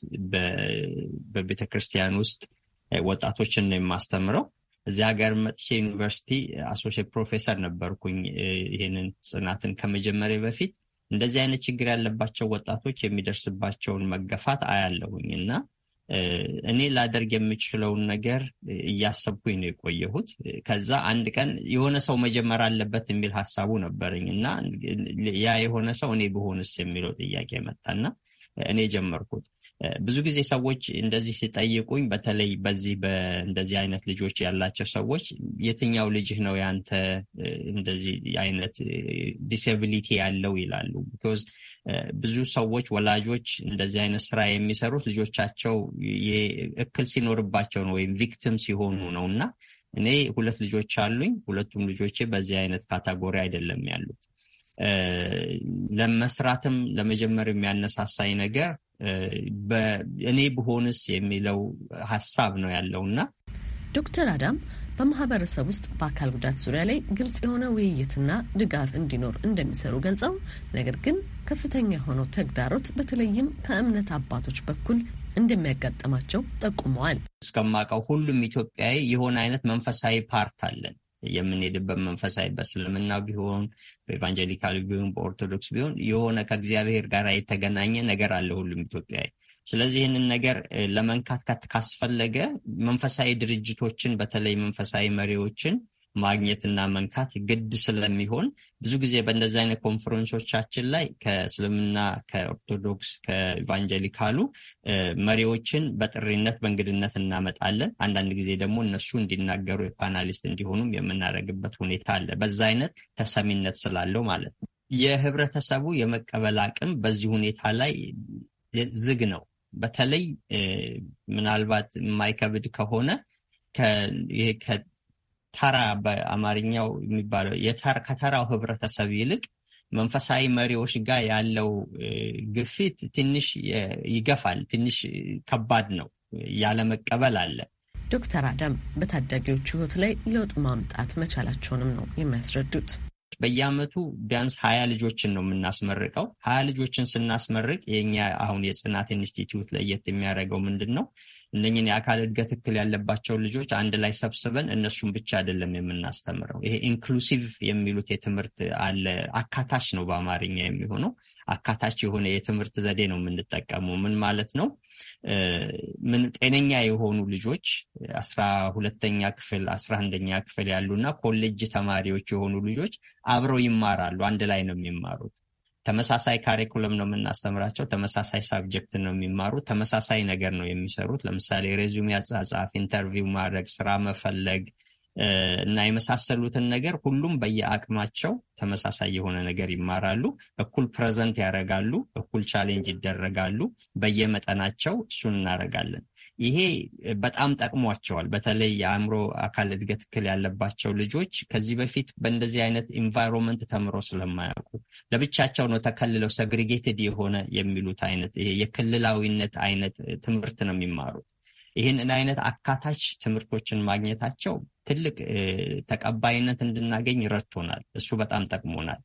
በቤተ ክርስቲያን ውስጥ ወጣቶችን ነው የማስተምረው እዚህ ሀገር መጥቼ ዩኒቨርሲቲ አሶሼት ፕሮፌሰር ነበርኩኝ። ይህንን ጽናትን ከመጀመሪያ በፊት እንደዚህ አይነት ችግር ያለባቸው ወጣቶች የሚደርስባቸውን መገፋት አያለሁኝ እና እኔ ላደርግ የምችለውን ነገር እያሰብኩኝ ነው የቆየሁት። ከዛ አንድ ቀን የሆነ ሰው መጀመር አለበት የሚል ሀሳቡ ነበረኝ እና ያ የሆነ ሰው እኔ ብሆንስ የሚለው ጥያቄ መጣና እኔ ጀመርኩት። ብዙ ጊዜ ሰዎች እንደዚህ ሲጠይቁኝ በተለይ በዚህ እንደዚህ አይነት ልጆች ያላቸው ሰዎች የትኛው ልጅህ ነው ያንተ እንደዚህ አይነት ዲስብሊቲ ያለው ይላሉ። ቢኮዝ ብዙ ሰዎች ወላጆች እንደዚህ አይነት ስራ የሚሰሩት ልጆቻቸው እክል ሲኖርባቸው ነው ወይም ቪክቲም ሲሆኑ ነው እና እኔ ሁለት ልጆች አሉኝ። ሁለቱም ልጆቼ በዚህ አይነት ካታጎሪ አይደለም ያሉት። ለመስራትም ለመጀመር የሚያነሳሳኝ ነገር እኔ ብሆንስ የሚለው ሀሳብ ነው ያለው እና ዶክተር አዳም በማህበረሰብ ውስጥ በአካል ጉዳት ዙሪያ ላይ ግልጽ የሆነ ውይይትና ድጋፍ እንዲኖር እንደሚሰሩ ገልጸው፣ ነገር ግን ከፍተኛ የሆነው ተግዳሮት በተለይም ከእምነት አባቶች በኩል እንደሚያጋጥማቸው ጠቁመዋል። እስከማውቀው ሁሉም ኢትዮጵያዊ የሆነ አይነት መንፈሳዊ ፓርት አለን የምንሄድበት መንፈሳዊ በእስልምና ቢሆን በኤቫንጀሊካል ቢሆን በኦርቶዶክስ ቢሆን የሆነ ከእግዚአብሔር ጋር የተገናኘ ነገር አለ ሁሉም ኢትዮጵያዊ። ስለዚህ ይህንን ነገር ለመንካት ካስፈለገ መንፈሳዊ ድርጅቶችን በተለይ መንፈሳዊ መሪዎችን ማግኘትና መንካት ግድ ስለሚሆን ብዙ ጊዜ በእንደዚህ አይነት ኮንፈረንሶቻችን ላይ ከእስልምና፣ ከኦርቶዶክስ፣ ከኢቫንጀሊካሉ መሪዎችን በጥሪነት በእንግድነት እናመጣለን። አንዳንድ ጊዜ ደግሞ እነሱ እንዲናገሩ የፓናሊስት እንዲሆኑም የምናደርግበት ሁኔታ አለ። በዛ አይነት ተሰሚነት ስላለው ማለት ነው። የህብረተሰቡ የመቀበል አቅም በዚህ ሁኔታ ላይ ዝግ ነው። በተለይ ምናልባት የማይከብድ ከሆነ ተራ በአማርኛው የሚባለው ከተራው ህብረተሰብ ይልቅ መንፈሳዊ መሪዎች ጋር ያለው ግፊት ትንሽ ይገፋል፣ ትንሽ ከባድ ነው፣ ያለመቀበል አለ። ዶክተር አዳም በታዳጊዎች ህይወት ላይ ለውጥ ማምጣት መቻላቸውንም ነው የሚያስረዱት። በየአመቱ ቢያንስ ሀያ ልጆችን ነው የምናስመርቀው። ሀያ ልጆችን ስናስመርቅ የኛ አሁን የጽናት ኢንስቲትዩት ለየት የሚያደርገው ምንድን ነው? እነኝን የአካል እድገት እክል ያለባቸው ልጆች አንድ ላይ ሰብስበን እነሱን ብቻ አይደለም የምናስተምረው። ይሄ ኢንክሉሲቭ የሚሉት የትምህርት አለ አካታች ነው በአማርኛ የሚሆነው አካታች የሆነ የትምህርት ዘዴ ነው የምንጠቀመው። ምን ማለት ነው? ምን ጤነኛ የሆኑ ልጆች አስራ ሁለተኛ ክፍል አስራ አንደኛ ክፍል ያሉና ኮሌጅ ተማሪዎች የሆኑ ልጆች አብረው ይማራሉ። አንድ ላይ ነው የሚማሩት። ተመሳሳይ ካሪኩለም ነው የምናስተምራቸው። ተመሳሳይ ሳብጀክት ነው የሚማሩት። ተመሳሳይ ነገር ነው የሚሰሩት። ለምሳሌ ሬዚሜ አጻጻፍ፣ ኢንተርቪው ማድረግ፣ ስራ መፈለግ፣ እና የመሳሰሉትን ነገር ሁሉም በየአቅማቸው ተመሳሳይ የሆነ ነገር ይማራሉ። እኩል ፕሬዘንት ያደርጋሉ፣ እኩል ቻሌንጅ ይደረጋሉ። በየመጠናቸው እሱን እናደርጋለን። ይሄ በጣም ጠቅሟቸዋል። በተለይ የአእምሮ አካል እድገት እክል ያለባቸው ልጆች ከዚህ በፊት በእንደዚህ አይነት ኢንቫይሮንመንት ተምሮ ስለማያውቁ ለብቻቸው ነው ተከልለው ሰግሪጌትድ የሆነ የሚሉት አይነት የክልላዊነት አይነት ትምህርት ነው የሚማሩት ይህንን አይነት አካታች ትምህርቶችን ማግኘታቸው ትልቅ ተቀባይነት እንድናገኝ ረድቶናል። እሱ በጣም ጠቅሞናል።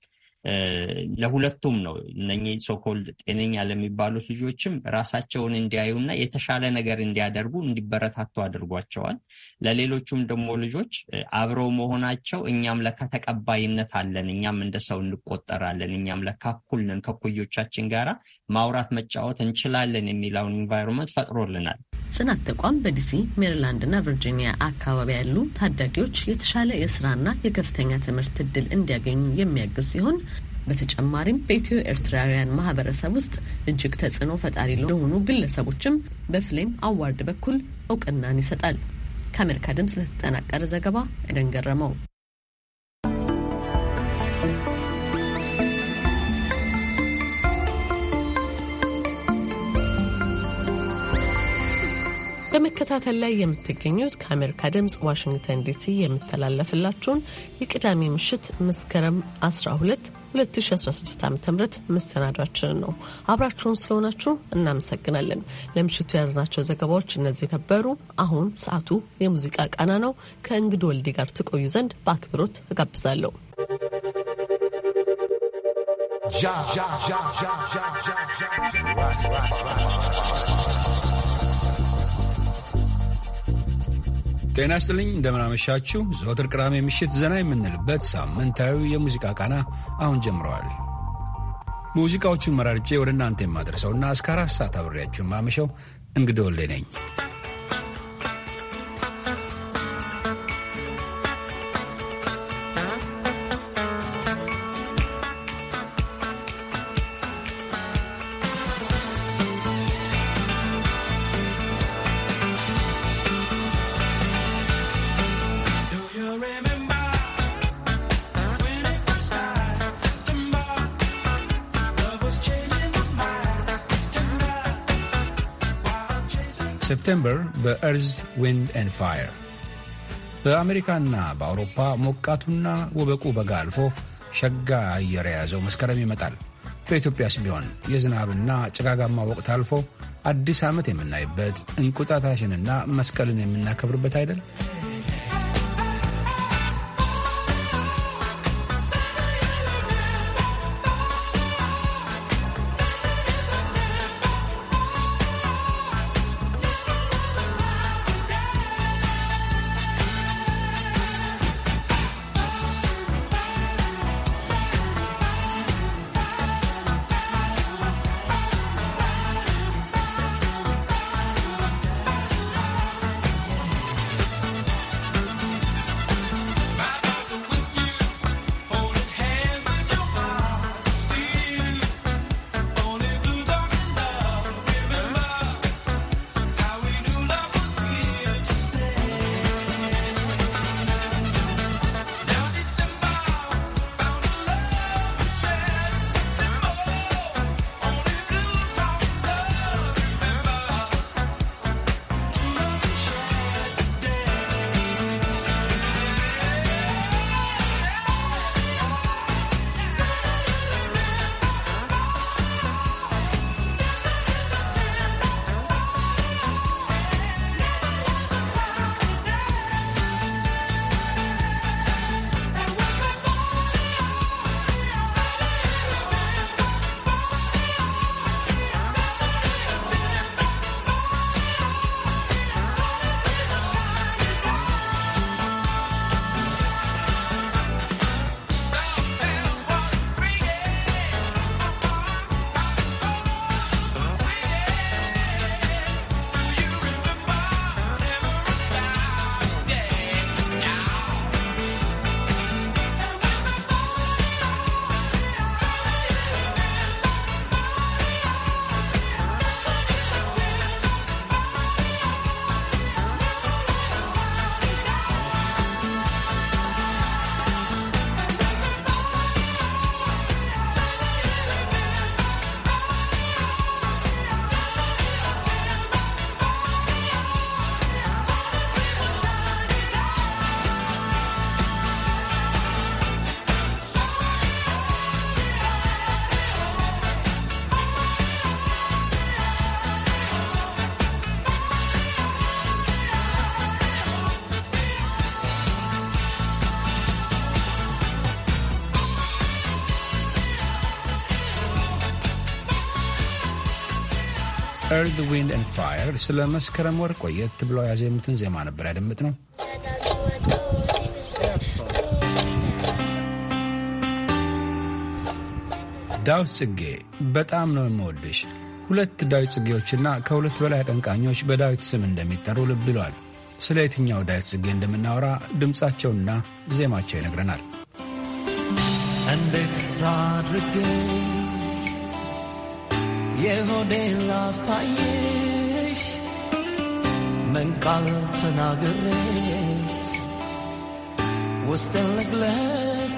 ለሁለቱም ነው። እነኚህ ሶኮልድ ጤነኛ ለሚባሉት ልጆችም ራሳቸውን እንዲያዩና የተሻለ ነገር እንዲያደርጉ እንዲበረታቱ አድርጓቸዋል። ለሌሎቹም ደግሞ ልጆች አብረው መሆናቸው እኛም ለካ ተቀባይነት አለን፣ እኛም እንደ ሰው እንቆጠራለን፣ እኛም ለካ እኩል ነን፣ ከኩዮቻችን ጋራ ማውራት መጫወት እንችላለን የሚለውን ኢንቫይሮንመንት ፈጥሮልናል። ጽናት ተቋም በዲሲ ሜሪላንድና ቨርጂኒያ አካባቢ ያሉ ታዳጊዎች የተሻለ የስራና የከፍተኛ ትምህርት እድል እንዲያገኙ የሚያግዝ ሲሆን በተጨማሪም በኢትዮ ኤርትራውያን ማህበረሰብ ውስጥ እጅግ ተጽዕኖ ፈጣሪ ለሆኑ ግለሰቦችም በፍሌም አዋርድ በኩል እውቅናን ይሰጣል። ከአሜሪካ ድምፅ ለተጠናቀረ ዘገባ ኤደን ገረመው በመከታተል ላይ የምትገኙት ከአሜሪካ ድምፅ ዋሽንግተን ዲሲ የምተላለፍላችሁን የቅዳሜ ምሽት መስከረም 12 2016 ዓ ም መሰናዷችንን ነው። አብራችሁን ስለሆናችሁ እናመሰግናለን። ለምሽቱ የያዝናቸው ዘገባዎች እነዚህ ነበሩ። አሁን ሰዓቱ የሙዚቃ ቃና ነው። ከእንግድ ወልዴ ጋር ትቆዩ ዘንድ በአክብሮት እጋብዛለሁ። ja ጤና ይስጥልኝ፣ እንደምናመሻችሁ። ዘወትር ቅዳሜ ምሽት ዘና የምንልበት ሳምንታዊ የሙዚቃ ቃና አሁን ጀምረዋል። ሙዚቃዎቹን መራርጬ ወደ እናንተ የማደርሰውና እስከ አራት ሰዓት አብሬያችሁን ማመሸው እንግዳ ወልዴ ነኝ። ዲሴምበር በእርዝ ዊንድ ኤንድ ፋየር በአሜሪካና በአውሮፓ ሞቃቱና ወበቁ በጋ አልፎ ሸጋ አየር የያዘው መስከረም ይመጣል። በኢትዮጵያስ ቢሆን የዝናብና ጭጋጋማ ወቅት አልፎ አዲስ ዓመት የምናይበት እንቁጣታሽንና መስቀልን የምናከብርበት አይደል? ኤርዝ ዊንድ ኤንድ ፋየር ስለ መስከረም ወር ቆየት ብለው ያዜሙትን ዜማ ነበር ያደምጥ ነው። ዳዊት ጽጌ በጣም ነው የምወድሽ። ሁለት ዳዊት ጽጌዎችና ከሁለት በላይ አቀንቃኞች በዳዊት ስም እንደሚጠሩ ልብ ይሏል። ስለ የትኛው ዳዊት ጽጌ እንደምናወራ ድምፃቸውና ዜማቸው ይነግረናል። እንዴት ሳድርጌ የሆዴን ላሳየሽ መንቃል ተናግሬሽ ውስጥን ልግለስ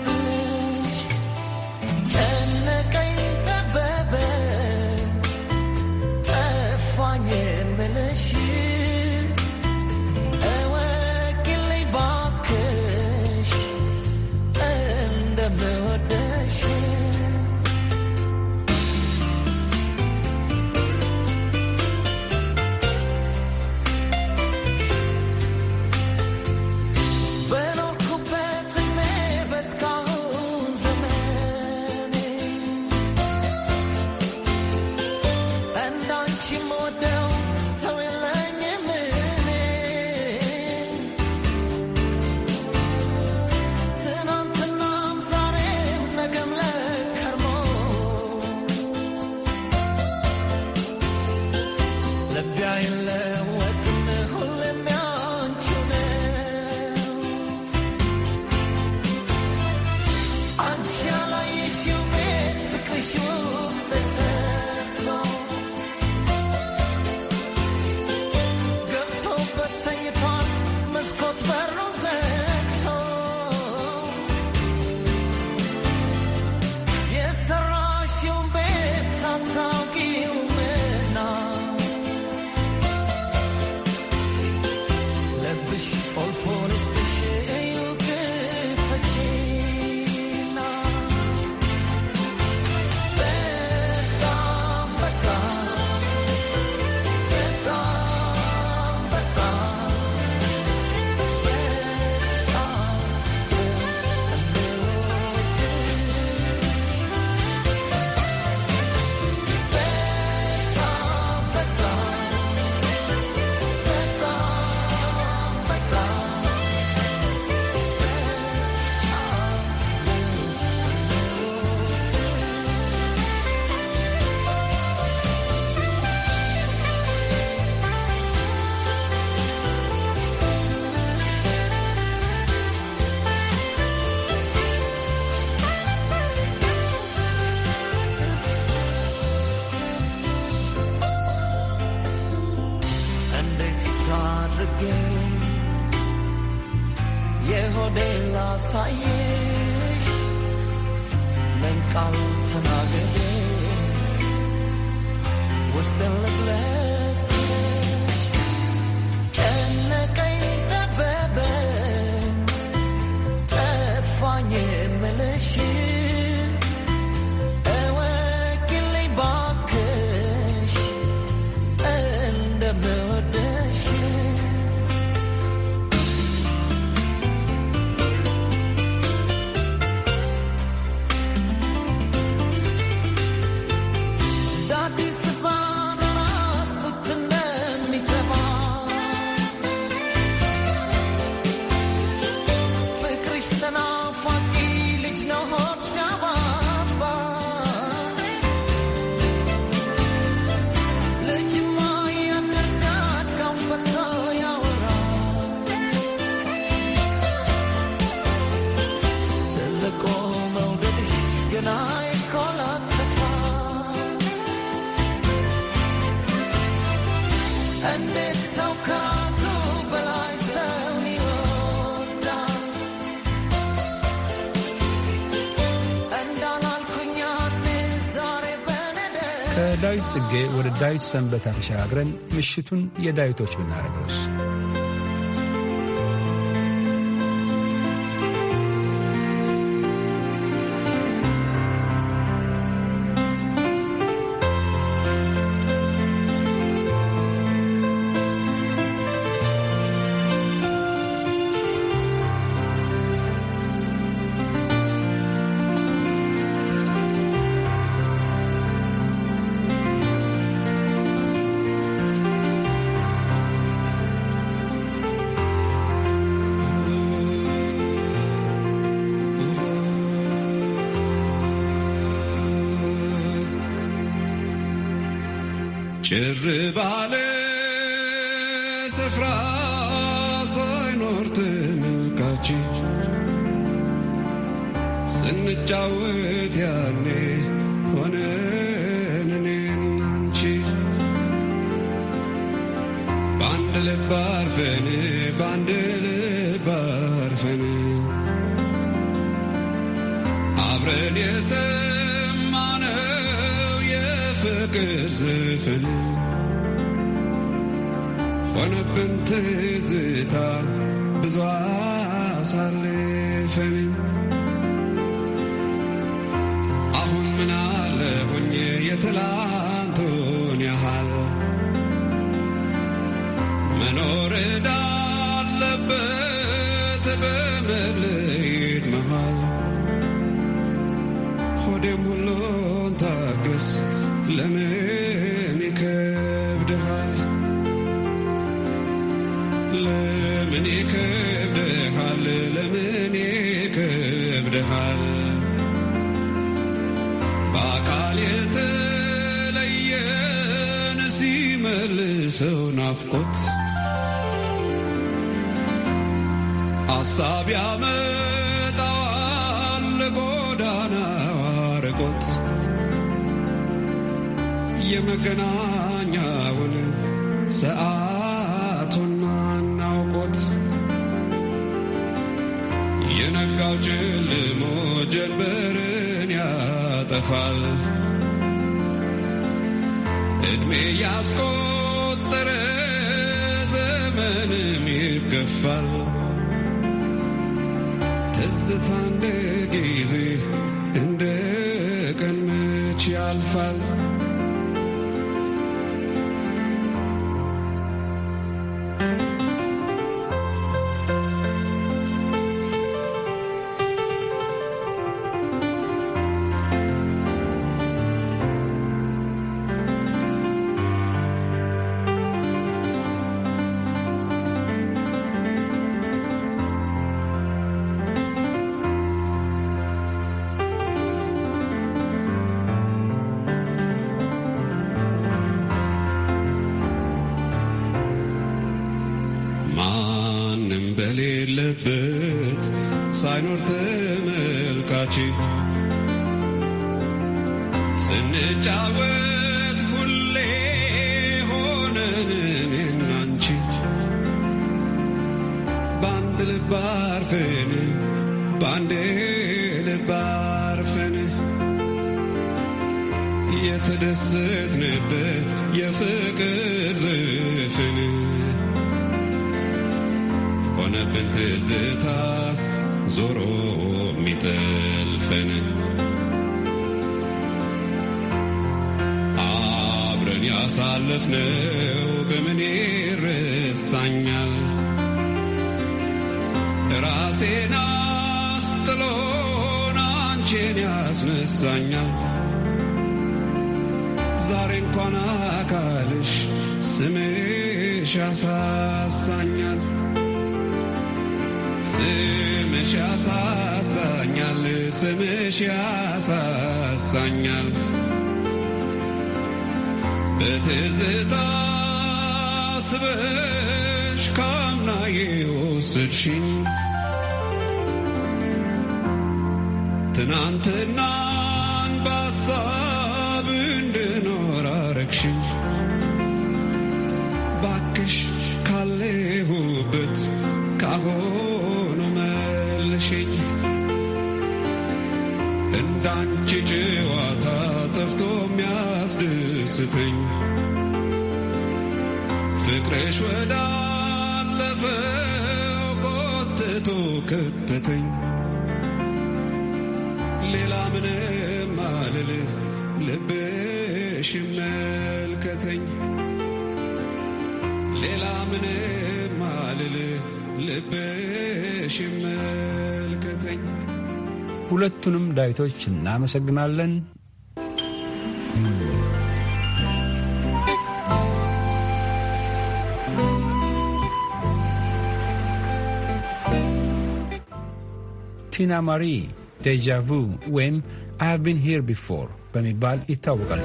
ዳዊት ሰንበት ተሻግረን ምሽቱን የዳዊቶች ብናደርገውስ? ጭር ባለ ስፍራ ሳይኖር ትምልቃች ስንጫወት ያኔ ሆነን እኔና አንቺ በአንድ ልብ አርፈን ትዝታ ብዙ አሳለ ይጠፋል እድሜ ያስቆጠረ ዘመንም ይገፋል። ትዝታ እንደ ጊዜ እንደ ቀን መች ያልፋል። በትዝታ ስበሽ ትናንትናን እንድኖር አረግሽኝ ትንሽ ወዳለፈው ጎትቶ ከተተኝ ሌላ ምንም አልልህ ልብሽ ይመልከተኝ ሌላ ምንም አልልህ ልብሽ ይመልከተኝ ሁለቱንም ዳዊቶች እናመሰግናለን። ቲና ማሪ ዴጃ vu ወይም አይ ሃቭ ቢን ሂር ቢፎር በሚባል ይታወቃል።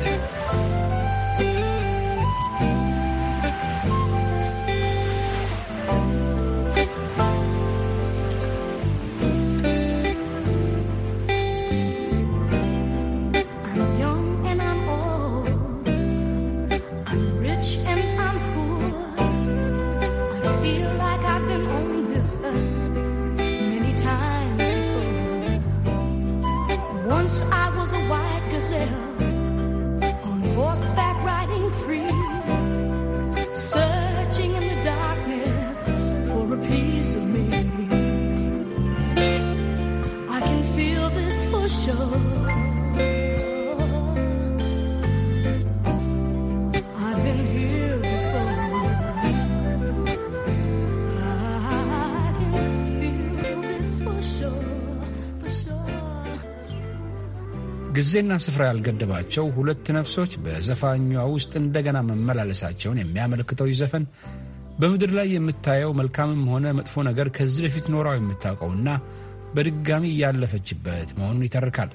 ጊዜና ስፍራ ያልገደባቸው ሁለት ነፍሶች በዘፋኟ ውስጥ እንደገና መመላለሳቸውን የሚያመለክተው ይህ ዘፈን በምድር ላይ የምታየው መልካምም ሆነ መጥፎ ነገር ከዚህ በፊት ኖራው የምታውቀውና በድጋሚ እያለፈችበት መሆኑን ይተርካል።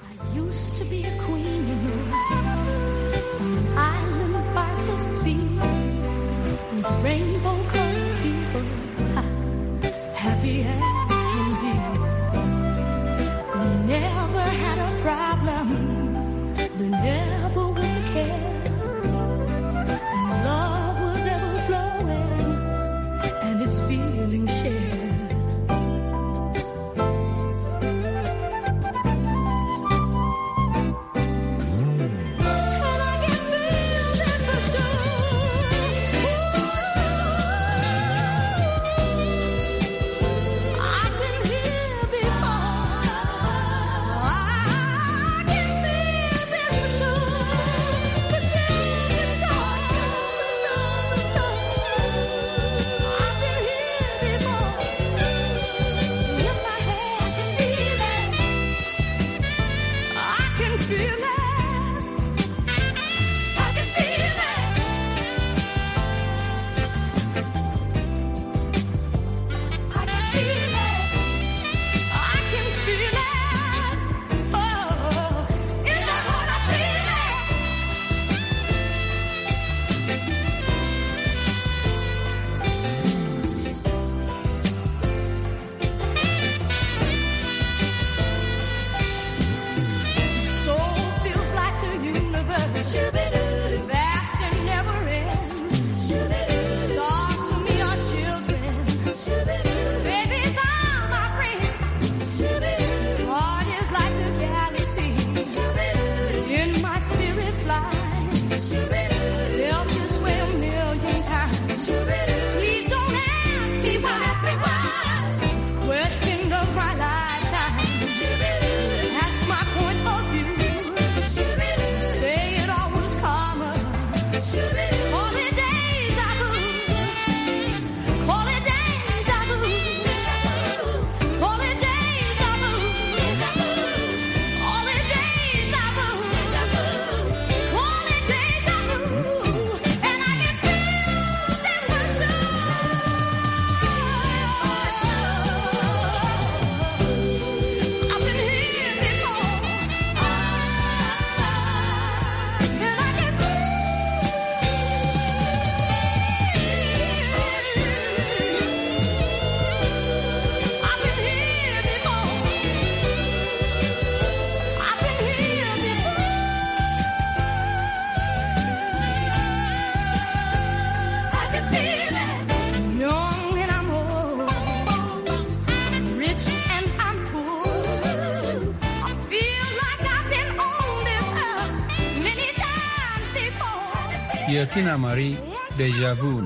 Tina Marie Deja Vu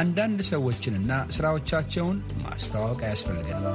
አንዳንድ ሰዎችንና ሥራዎቻቸውን ማስተዋወቅ አያስፈልገንም።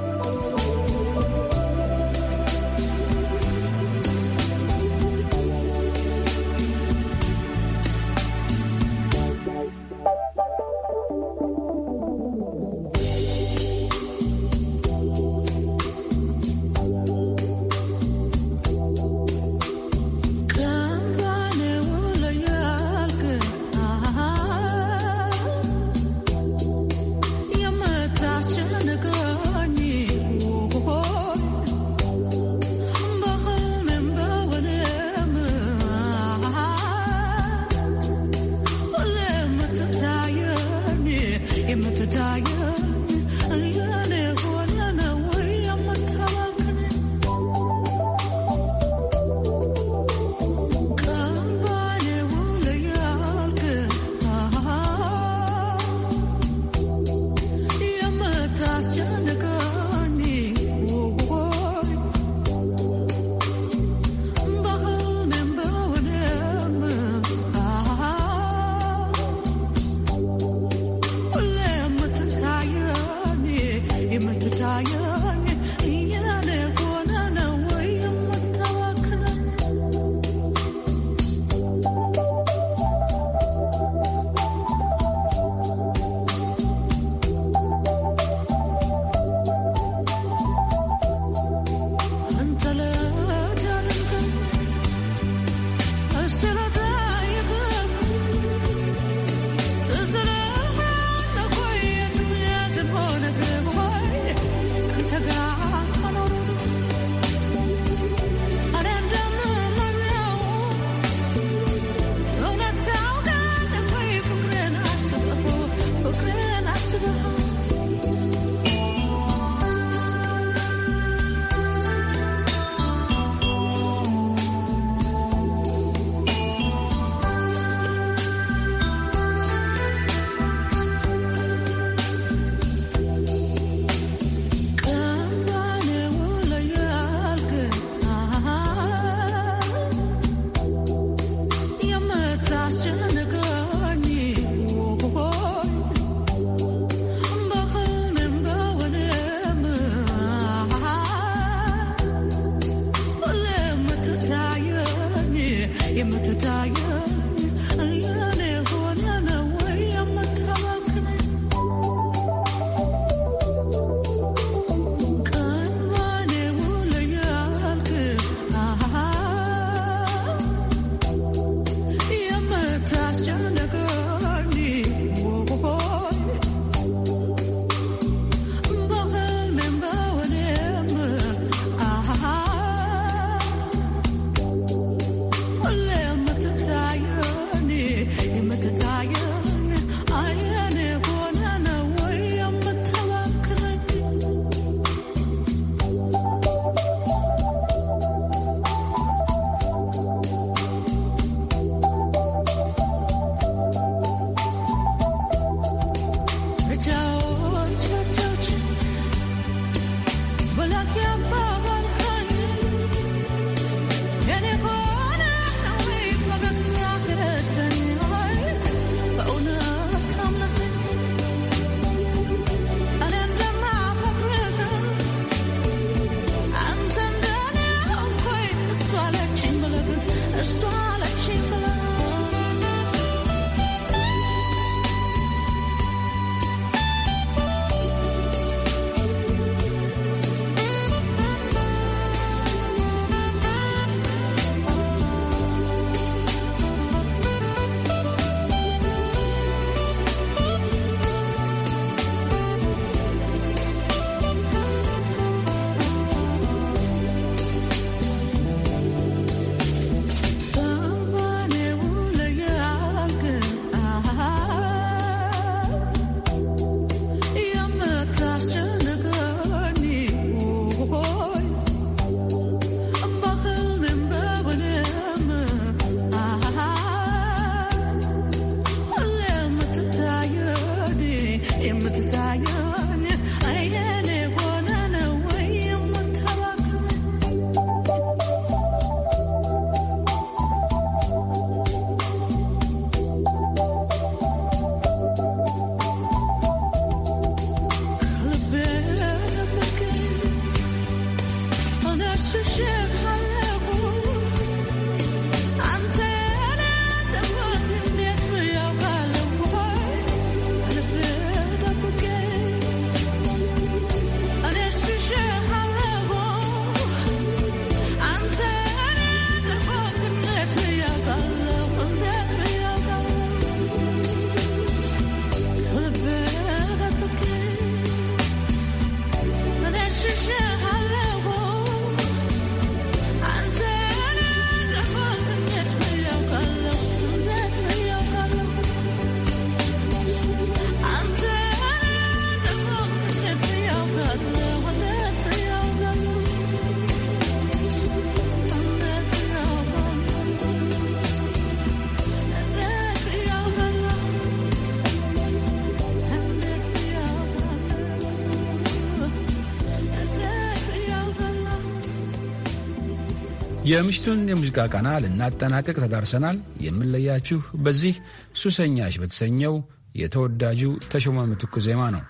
የምሽቱን የሙዚቃ ቃና ልናጠናቀቅ ተዳርሰናል። የምንለያችሁ በዚህ ሱሰኛሽ በተሰኘው የተወዳጁ ተሾመ ምትኩ ዜማ ነው።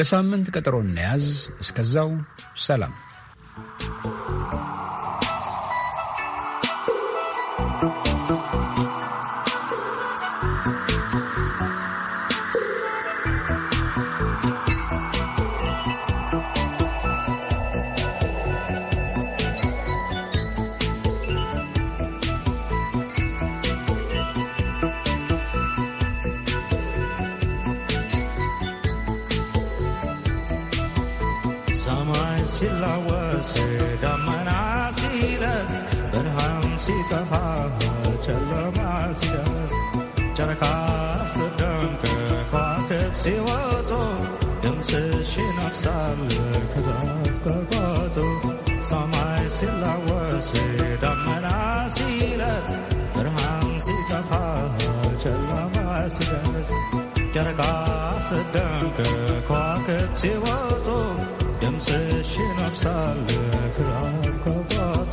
ለሳምንት ቀጠሮ እናያዝ። እስከዛው ሰላም። ሲወርስ ደመና ሲለት ብርሃን ሲጠፋ ጨለማ ሲደርስ ጨረቃ ስደንቅ ከዋክብት ሲወጡ ድምፅሽ ነፍሳል ክራብ ከቋጡ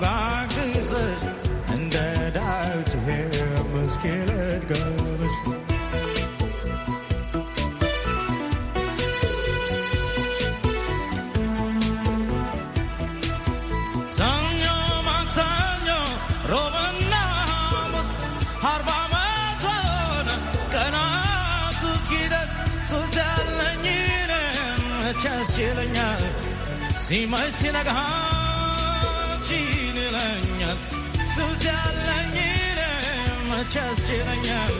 I'll ሲመሽ ሲነጋች ይልለኛል ሱስ ያለኝ መቻስችለኛል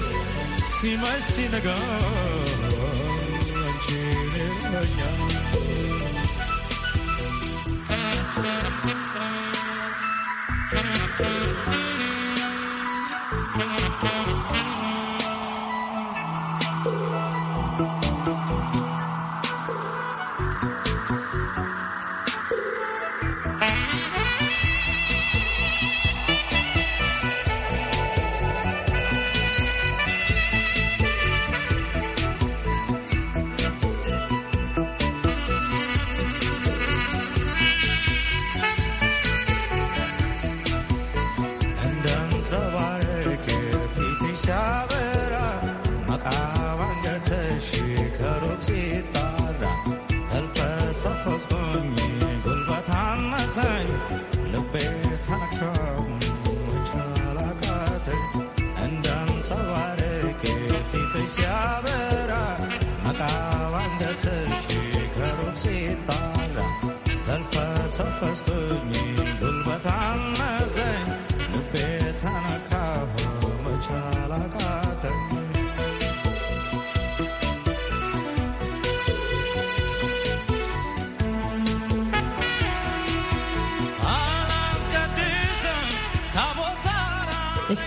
ሲመሽ ሲነጋች ይልለኛል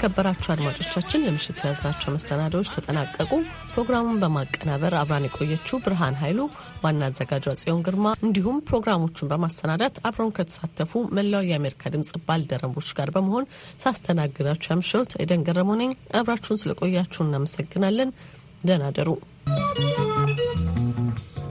የተከበራችሁ አድማጮቻችን ለምሽቱ የያዝናቸው መሰናዶዎች ተጠናቀቁ። ፕሮግራሙን በማቀናበር አብራን የቆየችው ብርሃን ኃይሉ፣ ዋና አዘጋጇ ጽዮን ግርማ እንዲሁም ፕሮግራሞቹን በማሰናዳት አብረን ከተሳተፉ መላው የአሜሪካ ድምጽ ባልደረቦች ጋር በመሆን ሳስተናግዳችሁ ያምሽት ኤደን ገረሞኔ አብራችሁን ስለቆያችሁ እናመሰግናለን። ደህና ደሩ።